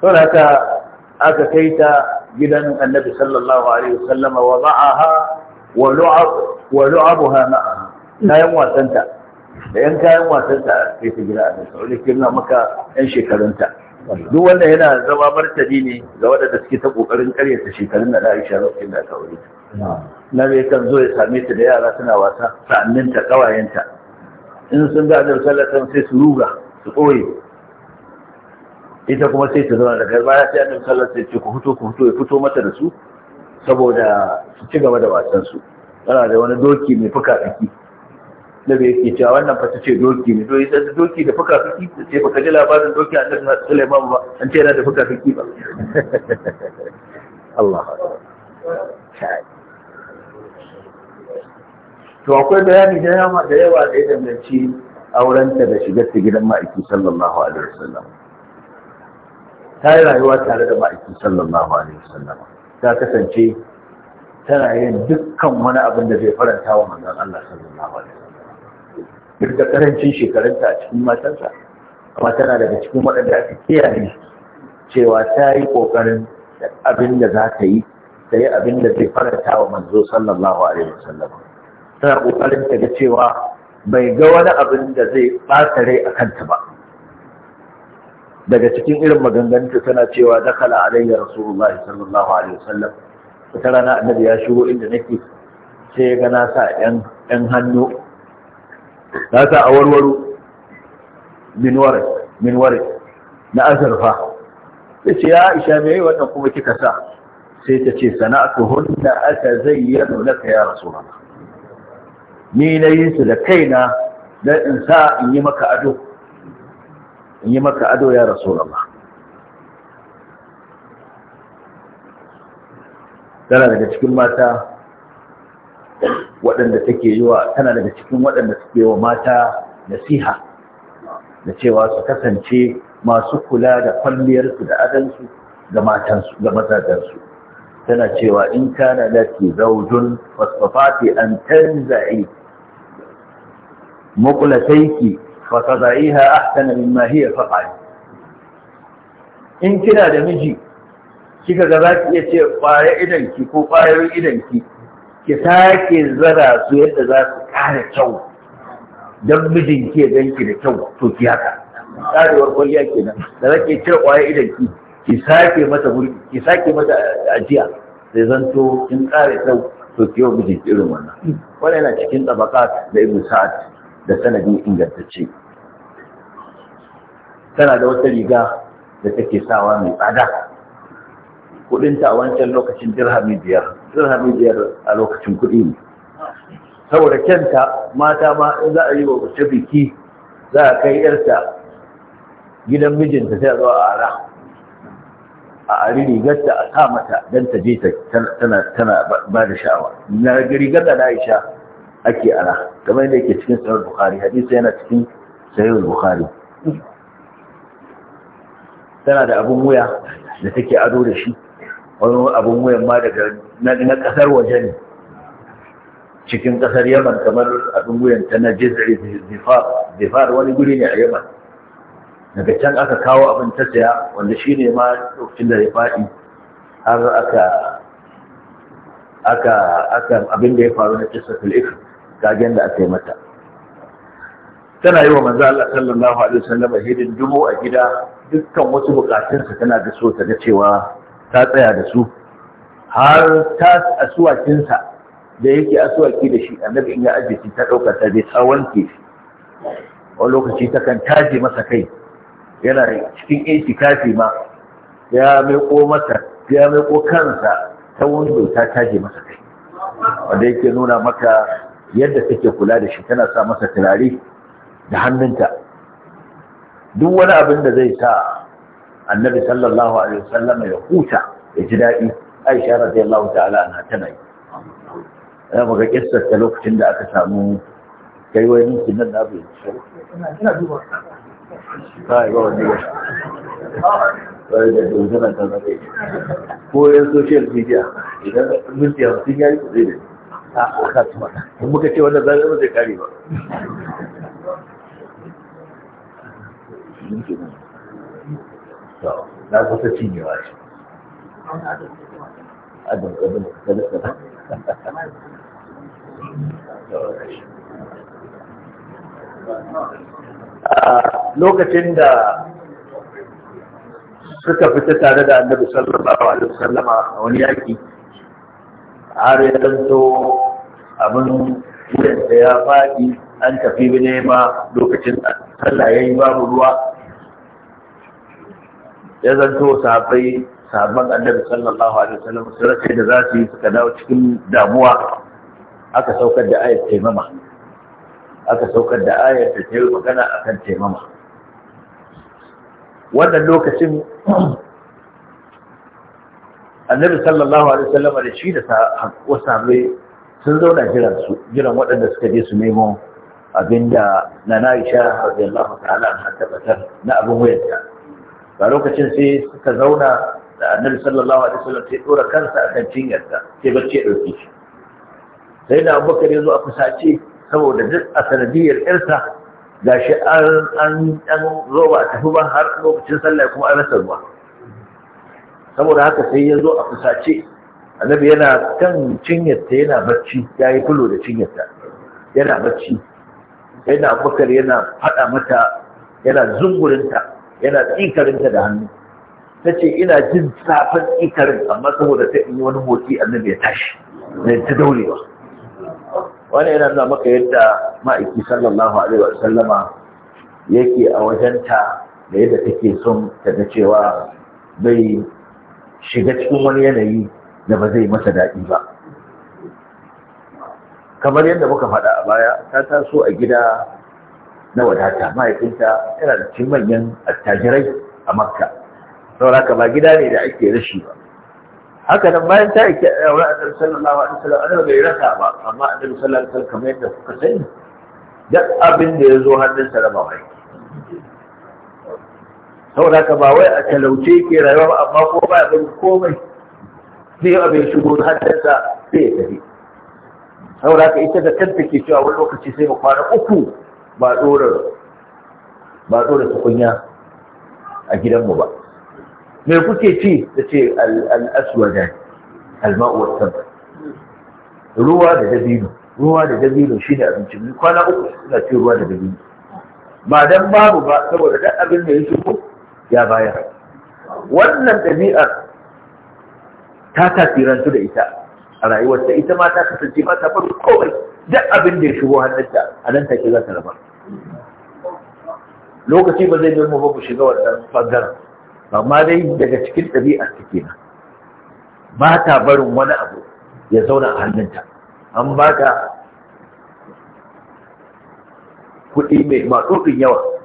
don haka aka kai ta gidan annabi sallallahu alaihi wasallama wa ba'aha wa lu'abuha ma'aha kayan wasanta da yan kayan wasanta sai ta gina a nan kirna maka yan shekarunta duk wanda yana zama martani ne ga waɗanda suke ta ƙoƙarin ƙaryata shekarun da na aisha rokin da ta aure na bai kan zo ya same ta da yara suna wasa sa'annin ta ƙawayenta in sun ga da sallallahu sai su ruga su ɓoye ita kuma sai ta zama daga baya sai annabi sallallahu alaihi wasallam ya ce ku fito ku fito ya fito mata da su saboda su ci gaba da wasansu yana da wani doki mai fuka tsaki da bai ke cewa wannan fata ce doki ne doki da doki da fuka fuki ce baka ji labarin doki a nan Sulaiman ba an ce yana da fuka fuki ba Allah to akwai bayani da yawa da yawa da ya danganci aurenta da shigar ta gidan ma'aiki sallallahu alaihi wasallam ta yi rayuwa tare da ma'aiki sallallahu alaihi wasallam ta kasance tana yin dukkan wani abin da zai faranta wa manzan Allah sallallahu alaihi wasallam duk da karancin shekarunta a cikin matansa amma tana daga cikin waɗanda aka kiyaye cewa ta yi ƙoƙarin abin da za ta yi ta yi abin da zai faranta wa manzo sallallahu alaihi wasallam tana ƙoƙarin ta ga cewa bai ga wani abin da zai ɓata rai a kanta ba daga cikin irin maganganta tana cewa dakala alayya rasulullahi sallallahu alaihi wasallam wata rana annabi ya shigo inda nake sai ya ga na sa yan hannu na sa a warwaro minware na azurfa ya ce ya isha me wannan kuma kika sa sai ta ce sana'atu hunna aka zayyano laka ya rasulullah ni na yi su da kaina dan in sa in yi maka ado in yi maka ado ya rasulullah tana daga cikin mata waɗanda take yi wa tana daga cikin waɗanda suke wa mata nasiha da cewa su kasance masu kula da kwalliyarsu da adansu ga matansu ga tana cewa in kana laki zaujun fasfafati an tanza'i muqlataiki وتضعيها أحسن مما هي فقط in kina da miji kika ga za iya ce ƙwayar idanki ko ƙwayoyin idonki, ki sake zara su yadda za su ƙara kyau don mijin ke ganki da kyau to ki haka ƙarewar kwalliya kenan da za ki cire ƙwayar idanki ki sake mata ki sake mata ajiya sai zanto in ƙara kyau to ki irin wannan yana cikin tsabaka da ibn sa'ad da sanadin ingantacce tana da wata riga da take sawa mai tsada kudinta a wancan lokacin dirhami biyar dirhami biyar a lokacin kudi ne saboda kyanta mata ma in za a yi wa wuce biki za a kai yarta gidan mijinta sai a zo a ara a ari rigarta a sa mata don ta je tana ba da sha'awa na rigar da na aisha ake ara kamar yadda yake cikin sahih bukhari hadisi yana cikin sahih bukhari tana da abun wuya da take ado da shi wani abun wuyan ma daga na kasar waje ne cikin kasar yaman kamar abin wuyan ta na jizri zifar wani guri ne a yaman daga can aka kawo abin ta saya wanda shi ne ma lokacin da ya faɗi har aka aka abin da ya faru na kisa fil'ifin gagen da aka yi mata tana yi wa manzo Allah sallallahu alaihi wasallam hidin dubu a gida dukkan wasu bukatunsa tana da so ta ga cewa ta tsaya da su har ta asuwakinsa da yake asuwaki da shi annabi in ya aje shi ta dauka ta je ta wanke shi a lokaci ta kan taje masa kai yana cikin itikafi ma ya maiko masa ya kansa ta wando ta taje masa kai wanda yake nuna maka yadda take kula da shi tana sa masa turare da hannunta duk wani abin da zai sa annabi sallallahu alaihi wasallam ya huta ya ji daɗi aisha radiyallahu ta'ala anha tana yi ya muka kissar ta lokacin da aka samu kai wai minti nan na bai ina duba kai ba wani ko yan social media idan minti hamsin ya yi zai a kasuwa in muka ce wanda zai kare lokacin da suka fita tare da annabi sallallahu alaihi wasallama a wani yaki har ya zanto abin da ya faɗi an tafi ne ma lokacin sallah ya yi babu ruwa ya zanto sahabbai sahabban annabi sallallahu alaihi wasallam su race da za su yi suka dawo cikin damuwa aka saukar da ayat taimama aka saukar da ayat da ta yi magana akan taimama wannan lokacin annabi sallallahu alaihi wasallam da shi da wasu sahabbai sun zauna jiran su jiran waɗanda suka je su nemo abinda na Aisha radiyallahu ta'ala anha tabbatar na abin wayarta ba lokacin sai suka zauna da annabi sallallahu alaihi wasallam sai dora kansa akan cinyarsa sai bacci ya dauke shi sai da Abubakar ya zo a fusace saboda duk a sanadiyar irsa gashi an an zo ba tafi ba har lokacin sallah kuma an rasa ruwa saboda haka sai ya zo a fusace annabi yana kan cinyarta yana barci ya yi kulo da cinyarta yana barci yana bakar yana faɗa mata yana zungurinta yana tsikarinta da hannu ta ce ina jin safin tsikarin amma saboda ta yi wani motsi annabi ya tashi da ta daurewa wani yana zama maka yadda ma'aiki sallallahu alaihi wa sallama yake a wajenta da yadda take son ta ga cewa bai shiga cikin wani yanayi da ba zai masa daɗi ba kamar yadda muka faɗa a baya ta taso a gida na wadata mahaifinta yana da cikin manyan attajirai a makka sauraka ba gida ne da ake rashi ba haka nan bayan ta ake yawon annabi sallallahu alaihi wasallam annabi bai rasa ba amma annabi sallallahu alaihi wasallam kamar yadda kuka sani duk abin da ya zo hannunsa raba wa saboda ka ba wai a talauce ke rayuwa ba amma ko ba ya komai zai abin shigo hannunsa sai ya tafi saboda ka ita da kanta ke cewa wani lokaci sai mu kwana uku ba ɗora ba ɗora tukunya a gidanmu ba me kuke ci da ce al'aswada alma'uwar sabbat ruwa da dabino ruwa da dabino shi ne abinci kwana uku suna ce ruwa da dabino ba dan babu ba saboda duk abin da ya shigo ya bayar wannan ɗabi'ar ta tasirantu da ita a rayuwarta ita ma ta kasance ba ta faru kowai duk abin da ya shigo hannunta a nan take za ta raba lokaci ba zai nuna ba mu shiga wannan bangaren amma dai daga cikin ɗabi'ar ta kenan ba ta barin wani abu ya zauna a hannunta an ba ta kuɗi mai maɗuɗin yawa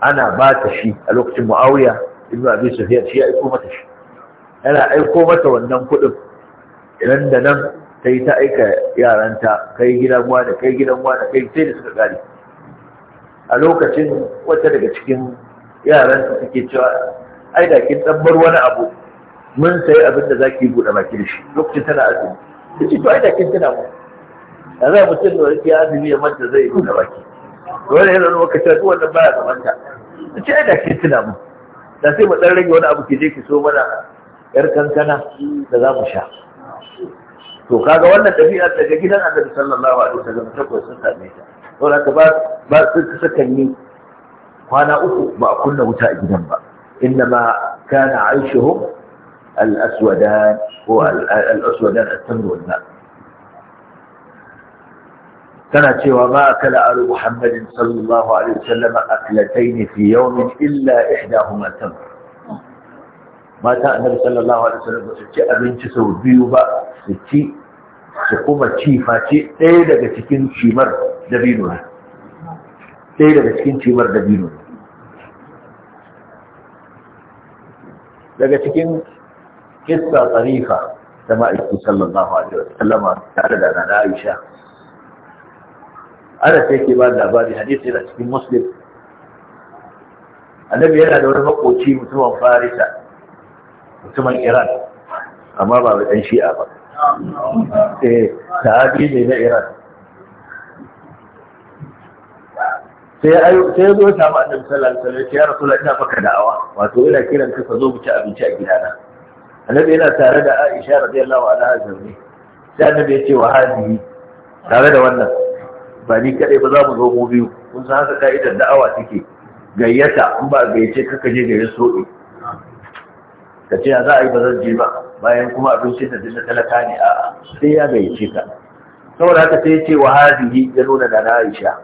ana ba ta shi a lokacin mu'awiya ibn abi sufyan shi ya aiko mata shi yana aiko mata wannan kuɗin idan da nan ta yi ta aika yaranta kai gidan wani kai gidan wani kai sai da suka gari a lokacin wata daga cikin yaranta suke cewa ai da kin tabbar wani abu mun sai abin da zaki buɗe baki da shi lokacin tana azumi ta ce to ai da kin tana mu da za mutum da wani ya azumi ya manta zai buɗe baki dole yana nuna maka cewa duk wannan baya gaban ce da ke tuna mu da sai mu rage wani abu ke je ki so mana yar kankana da za mu sha to kaga wannan tafiya daga gidan annabi sallallahu alaihi wasallam ta koyi sun same ta don haka ba ba su sukan kwana uku ba a kunna wuta a gidan ba إنما كان عيشهم الأسودان والأسودان التمر والماء tana cewa ma akala alu muhammadin sallallahu alaihi wasallam aklatayn fi yawmin illa ihdahuma tam mata annabi sallallahu alaihi wasallam su ci abinci sau biyu ba su ci su kuma ci face ɗaya daga cikin cimar dabino ne ɗaya daga cikin cimar dabino ne daga cikin kissa tsarifa ta ma'aiki sallallahu alaihi wasallam tare da nana Aisha ana sai ke ba da labari hadisi yana cikin muslim annabi yana da wani makoci mutumin farisa mutumin iran amma ba mai dan shi'a ba eh sahabi ne na iran sai ya zo ta ma annabi sallallahu alaihi wasallam ya rasu ina baka da'awa wato ina kiran ka zo mu ci abinci a gidana annabi yana tare da Aisha radiyallahu anha zaune sai annabi ya ce wa hadi tare da wannan ba ni kaɗai ba za mu zo mu biyu kun san haka ka'idar da'awa take gayyata in ba gayyace kaje je gare soɗi ka ce a za a yi ba zan je ba bayan kuma abinci da dinda talaka ne a sai ya gayyace ka saboda haka sai ya ce wa hadihi ya nuna da na Aisha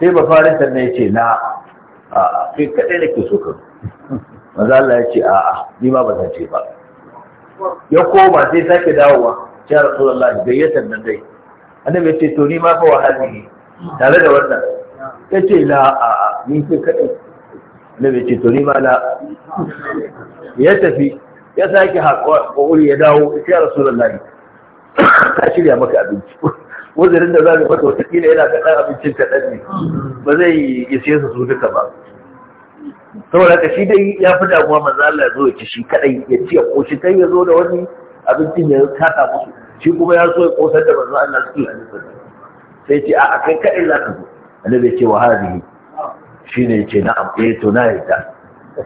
sai ba farin na ya ce na a kai kaɗai nake so ka maza Allah ya ce a'a ni ma ba zan ce ba ya koma sai sake dawowa ya rasulullahi gayyatar nan dai annabi ya ce to ni ma fa wahazi ne tare da wannan ya ce la a ni ce kaɗai annabi ya ce to ni ma la ya tafi ya sake wuri ya dawo ya rasu da rasulullahi ka shirya maka abinci wuzirin da za mu fata watakila yana kaɗan abincin kaɗan ne ba zai yi siya su su duka ba saboda ka shi dai ya fi damuwa maza Allah ya zo ya ci shi kaɗai ya ci ya shi kai ya zo da wani abincin ya kasa musu shi kuma ya so ya kosar da manzo Allah su yi sai ce a kai kaɗai za ka zo annabi ya ce wa hadihi shi ya ce na amfani eh, to na yarda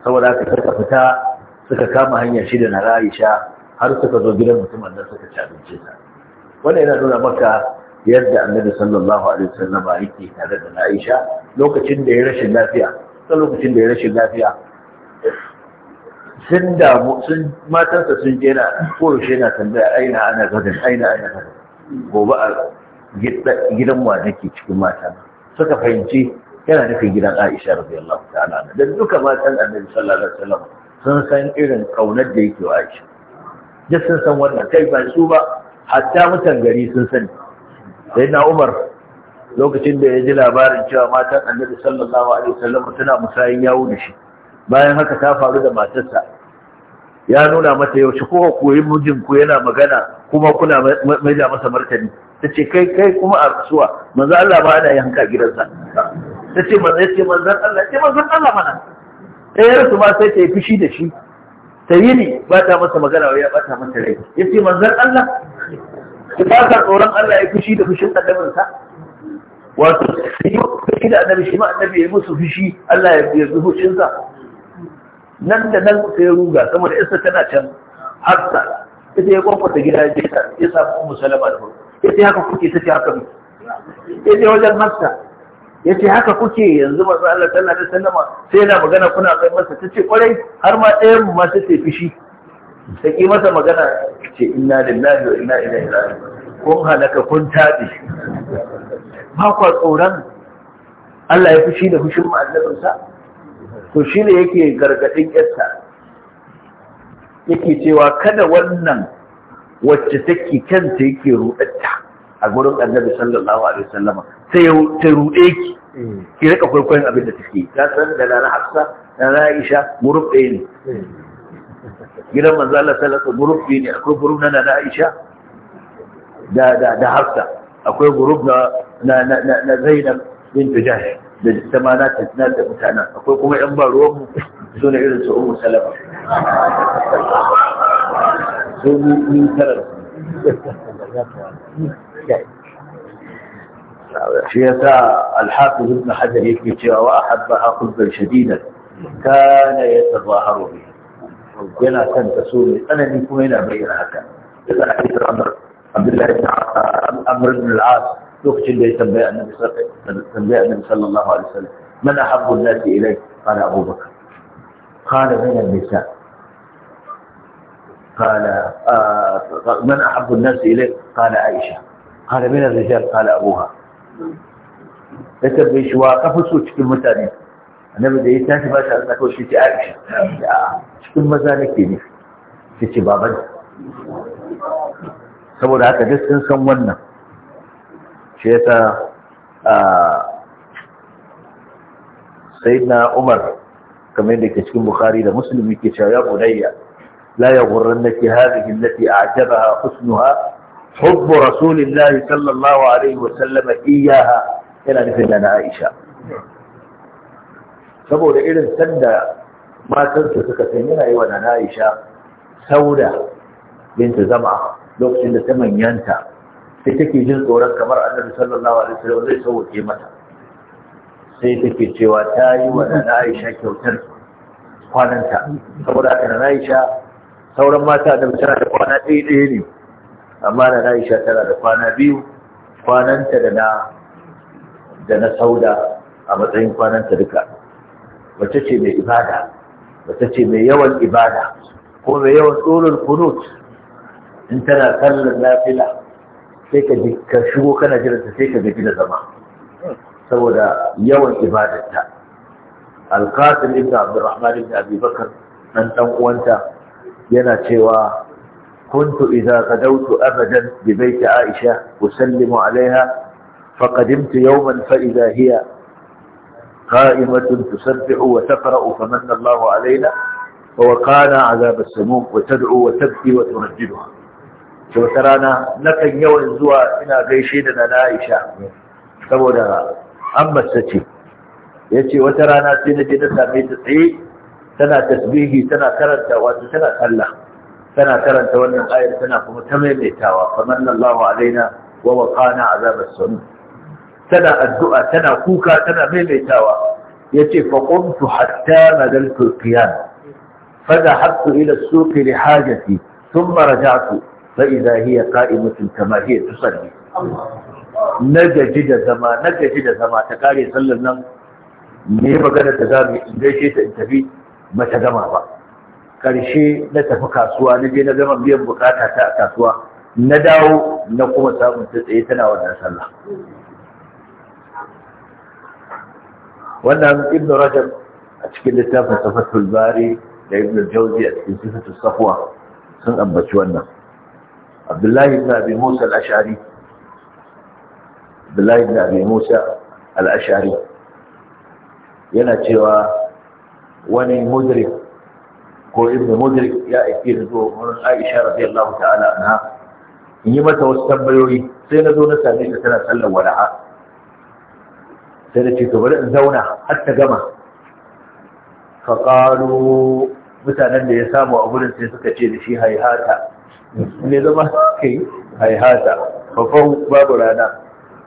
saboda ka suka fita suka kama hanya shi da na Aisha har suka zo gidan mutumin nan suka ci abinci sa wannan yana nuna maka yadda annabi sallallahu alaihi wasallam yake tare da Aisha lokacin da ya rashin lafiya lokacin da ya rashin lafiya sun damu sun matansa sun je na koyaushe na tambaya aina ana gadon aina ana gadon gobe a gidan wa nake cikin mata suka fahimci yana nufin gidan Aisha radiyallahu ta'ala da duka matan Annabi sallallahu alaihi wasallam sun san irin kaunar da yake wa Aisha duk sun san wannan kai ba su ba hatta mutan gari sun sani sai na Umar lokacin da ya ji labarin cewa matan Annabi sallallahu alaihi wasallam suna musayin yawo da shi bayan haka ta faru da matarsa ya nuna mata yaushe kuka koyi mijinku yana magana kuma kuna maida masa martani ta ce kai kai kuma a rasuwa manzan Allah ba ana yanka gidansa ta ce manzan ce Allah ce manzan Allah mana ɗayar su ma sai ta yi fushi da shi ta yi ne ba ta masa magana ya ba ta masa rai ya ce manzan Allah ki ba ka tsoron Allah ya fushi da fushin annabinsa wato sai yi fushi da annabi shi ma annabi ya musu fushi Allah ya zuhu sa. nan da nan sai ruga da isa tana can hatta ita ya kwakwata gida ya jeta ya samu umu salama da farko ya ce haka kuke ta ce haka ne? ya ce wajen hafsa ya ce haka kuke yanzu masu Allah tana da sallama sai yana magana kuna kai masa ta ce kwarai har ma ɗayan mu masu ce fishi ta ki masa magana ce inna lillahi wa inna ilaihi raji'un kun halaka kun tabi ba kwa tsoron Allah ya fushi da fushin annabinsa to shi ne yake gargaɗin yarsa yake cewa kada wannan wacce take kanta yake ruɗarta a gurin annabi sallallahu alaihi wasallama sai ta ruɗe ki hmm. ki rika kwaikwayon abin da take ta san da na hafsa da na aisha gurub ɗaya ne hmm. gidan manzo Allah sallallahu alaihi wasallam gurub ɗaya ne akwai gurub na na aisha da da da hafsa akwai gurub na na na Zainab bint Jahsh da littama na ta na ta mutanen akwai kuma yan ba ruwanmu su ne irin su umu salama su ni tarar shi ya sa alhafiz ibn hajar yake cewa wa ahabbaha qulban shadidan kana yatazaharu bi yana san ta so mai tsanani kuma yana bayyana haka da za a yi Abdullahi ibn Amr ibn al-As يخشى اللي تنبئ النبي صلى الله عليه وسلم من احب الناس اليك قال ابو بكر قال من النساء قال آه، من احب الناس اليك قال عائشه قال من الرجال قال ابوها ذكر بيش واقف وسوش كل مثالين انا بدي يتاكي إيه باش انا اقول شي عائشه شو كل مثالك تيجي شي بابا سبورات ديستنس كم ونه shi yasa Umar kamar da ke cikin Bukhari da Muslim yake cewa ya bunayya la yaghurrannaki hadhihi allati a'jabaha husnuha حب رسول الله صلى الله عليه وسلم إياها yana nufin da na Aisha saboda irin sanda matansa suka san yana yi wa na Aisha sauda binta zama lokacin da ta manyanta sai take jin tsoron kamar annabi sallallahu alaihi wasallam zai sauke mata sai take cewa ta yi wa nana Aisha kyautar kwananta saboda haka nana Aisha sauran mata da tana da kwana ɗaya ɗaya ne amma nana Aisha tana da kwana biyu kwananta da na da na sauda a matsayin kwananta duka mace ce mai ibada mace ce mai yawan ibada ko mai yawan tsoron kunut in tana sallar nafila sai ka ji ka shigo kana ta sai ka gaji da zama saboda yawan ibadarta alqasim ibn abdurrahman ibn abi bakr dan dan uwanta yana cewa kuntu idza gadawtu abadan bi baiti aisha usallimu alaiha faqadimtu yawman fa idza hiya قائمة تسبح وتقرأ فمن الله علينا ووقانا عذاب wa tabki wa وترجلها da wata rana nakan yawan zuwa ina gaishe da na Aisha saboda ammarsa ce yace wata rana sai na je na same ta tsaye tana tasbihi tana karanta wata tana sallah tana karanta wannan ayar tana kuma ta maimaitawa famanna Allahu alaina wa waqana azabas sun tana addu'a tana kuka tana maimaitawa yace fa qumtu hatta madaltu qiyam fadhahabtu ila as-suq li hajati thumma raja'tu fa'iza hiya qa'imatun kama hiya tusalli na gaji da zama na gaji da zama ta kare sallar nan ne magana ta za mu gaishe ta in tafi ba gama ba karshe na tafi kasuwa na je na gama biyan bukata ta a kasuwa na dawo na kuma samun ta tsaye tana wannan sallah wannan ibn rajab a cikin littafin safatul bari da ibn jauzi a cikin sifatul safwa sun ambaci wannan abdullahi ibn abi musa al-ash'ari yana cewa wani mudrik ko ibn mudrik ya aike da zuwa wurin aisha radiyallahu ta'ala in yi mata wasu tambayoyi sai na zo na same ta tana sallar wada'a sai na ce to bari in zauna har ta gama faƙaru mutanen da ya samu a wurin sai suka ce da shi haihata ne zama kai haihata fafau babu rana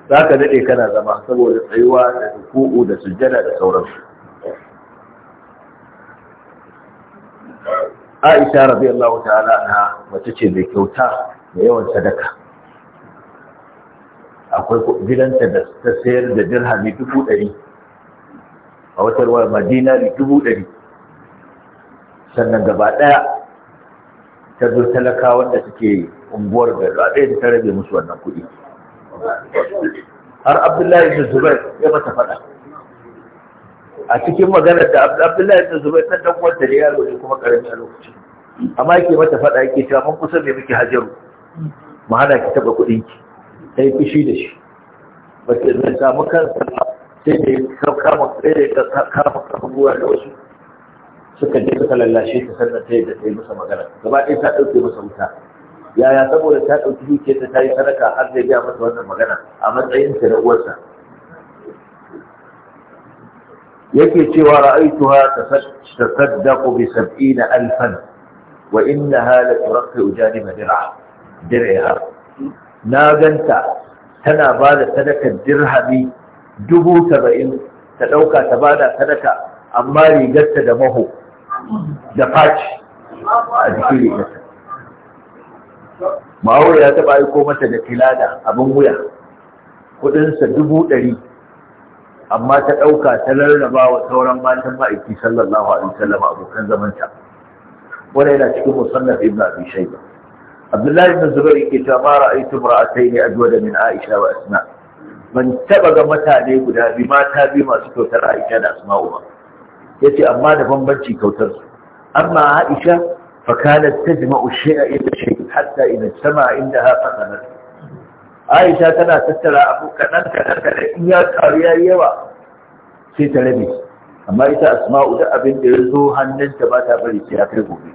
za ka daɗe kana zama saboda tsayuwa da ruku'u da sujjada da sauransu aisha radiyallahu ta'ala na mace ce mai kyauta da yawan sadaka akwai gidanta da ta sayar da dirhami dubu ɗari a wata ruwa madina dubu ɗari sannan gaba ɗaya ta zo talaka wanda suke unguwar gari a ɗaya ta rage musu wannan kuɗi har abdullahi da zubai ya mata faɗa a cikin maganar da abdullahi da zubai ta dan uwanta ya yaro ne kuma karami a lokacin amma yake mata faɗa yake cewa mun kusa ne muke hajaru mu hana ki taɓa kuɗin ki yi fushi da shi ba ta samu kansa sai da kama kama kama kama da wasu suka je suka lallashe ta sannan ta yadda ta yi masa magana gaba ɗaya ta ɗauke masa wuta yaya saboda ta ɗauki dukiyarta ta yi sadaka har zai biya masa wannan magana a matsayinta na uwarsa yake cewa ra'aituha tasaddaqu bi 70 alfan wa innaha la turqi ujaniba dir'a dir'a na ganta tana ba da sadakar dirhami dubu saba'in ta ɗauka ta ba da sadaka amma rigarta da maho da faci a jikin rigarta ma'aura ya taɓa aiko mata da filada abin wuya kuɗinsa dubu ɗari amma ta ɗauka ta rarraba wa sauran matan ma'aiki sallallahu alaihi wasallam abokan zamanta wani yana cikin musamman ibn abi shaiba abdullahi ibn zubair yake cewa ne a imra'atayn da min aisha wa asma ban taɓa ga mutane guda bi mata biyu masu kyautar aisha da asma'u ba Ya ce amma da bambanci kautar su amma Aisha ta kanat tajma'u shay'a ila shi, hatta idan sama indaha fatanat Aisha tana tattara abu kadan kadan in ya karu yayi yawa sai ta rabe amma ita Asma'u da abin da ya zo hannunta ba ta bari sai kai gobe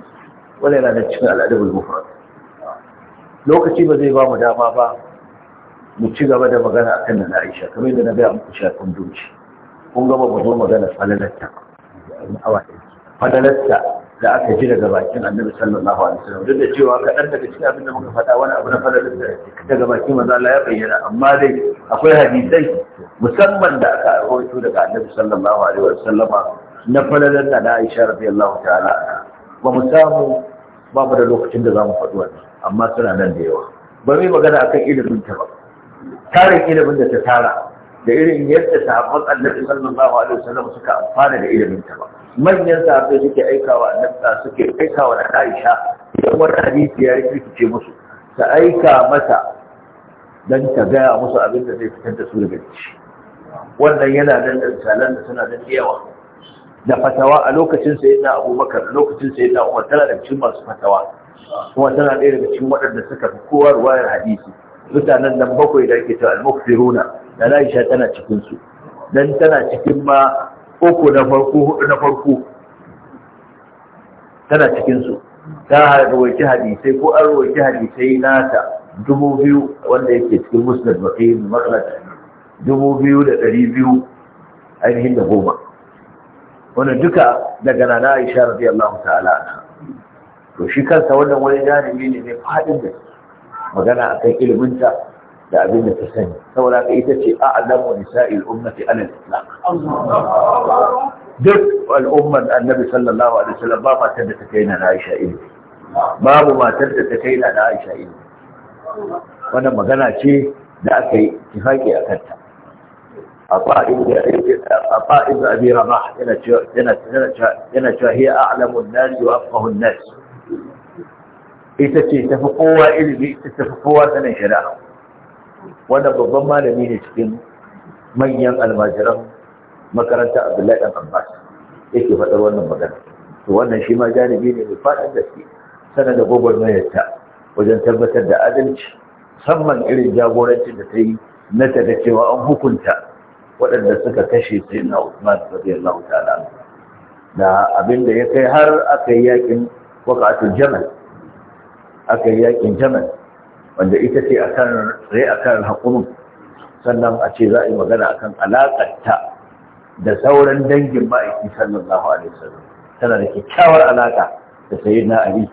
Wani yana da cikin al'adabul mufrad lokaci ba zai ba mu dama ba mu ci gaba da magana akan na Aisha kamar yadda na gaya muku shafin dunci. kun gaba ba zo magana falalarta azumi awa ɗaya fadalarsa da aka ji daga bakin annabi sallallahu alaihi wasallam duk da cewa kaɗan daga cikin abin da muka faɗa wani abu na fadalarsa daga bakin manzo Allah ya bayyana amma dai akwai hadisai musamman da aka rawaito daga annabi sallallahu alaihi wasallama na fadalar da Aisha radiyallahu ta'ala ba mu samu ba mu da lokacin da za mu faɗi wannan amma suna nan da yawa ba mai magana akan ilimin ta ba tarin ilimin da ta tara da irin yadda sahabban annabi sallallahu alaihi wasallam suka amfana da ilimin ta ba manyan sahabbai suke aikawa annabi ah, suke aikawa da Aisha idan wani hadisi ya yi ce musu ta aika mata dan ta gaya musu abin da zai fitar da su daga ciki wannan yana nan da misalan da suna da yawa da fatawa a lokacin yana Abubakar lokacin yana Umar tana da cikin masu fatawa kuma tana ɗaya daga cikin waɗanda suka fi kowa ruwayar hadisi mutanen nan bakwai da ake ta al-mukhfiruna da Aisha tana cikin su dan tana cikin ma uku na farko hudu na farko tana cikin su ta rawaita hadisai ko an rawaita hadisai nata dubu biyu wanda yake cikin musnad maqim maqlad dubu biyu da ɗari biyu ainihin da goma wannan duka daga nana Aisha radiyallahu ta'ala anha to shi kansa wannan wani jami'i ne ne fadin da magana akan ta. لأبينا في سنة ولا فئتك أعلم نساء الأمة على الإطلاق دفء الأمة النبي صلى الله عليه وسلم باب ما تبت كينا نعيش إلي باب ما تبت كينا نعيش إلي وانا ما قنا شيء لأكي كفاكي أكدت أطاء ابن أبي رمح إن شاء هي أعلم الناس وأفقه الناس إذا تفقوا إلي تفقوا سنة شرعهم wannan babban malami ne cikin manyan almajiran makaranta abdullahi dan abbas yake faɗar wannan magana to wannan shi ma janibi ne mai faɗin shi sanar da gwagwarmayarta wajen tabbatar da adalci musamman irin jagorancin da ta yi na daga cewa an hukunta waɗanda suka kashe sai na usman radiyallahu ta'ala da abin da ya kai har aka yi yakin waqatul jamal aka yi yakin jamal wanda ita ce a kan rai kan hakumin sannan a ce za a yi magana a kan alaƙarta da sauran dangin ma'aiki sallallahu alaihi wasallam tana da kyakkyawar alaƙa da na ali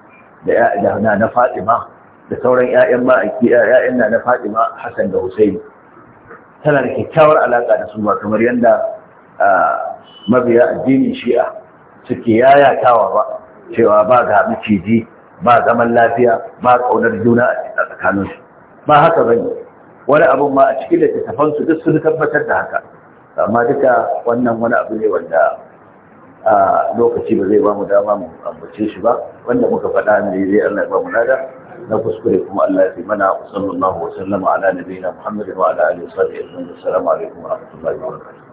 da na na fatima da sauran ƴaƴan ma'aiki ƴaƴan na na fatima hasan da husaini tana da kyakkyawar alaƙa da su ba kamar yadda mabiya addinin shi'a suke yayatawa ba cewa ba ga maciji ba zaman lafiya ba kaunar juna a tsakaninsu ba haka bane wani abun ma a cikin littattafansu duk sun tabbatar da haka amma duka wannan wani abu ne wanda a lokaci ba zai ba mu dama mu ambace shi ba wanda muka faɗa ne zai Allah ya ba mu lada na kuskure kuma Allah ya fi mana sallallahu wa sallama ala nabiyina Muhammadin wa ala alihi wa sahbihi assalamu alaikum wa rahmatullahi wa barakatuh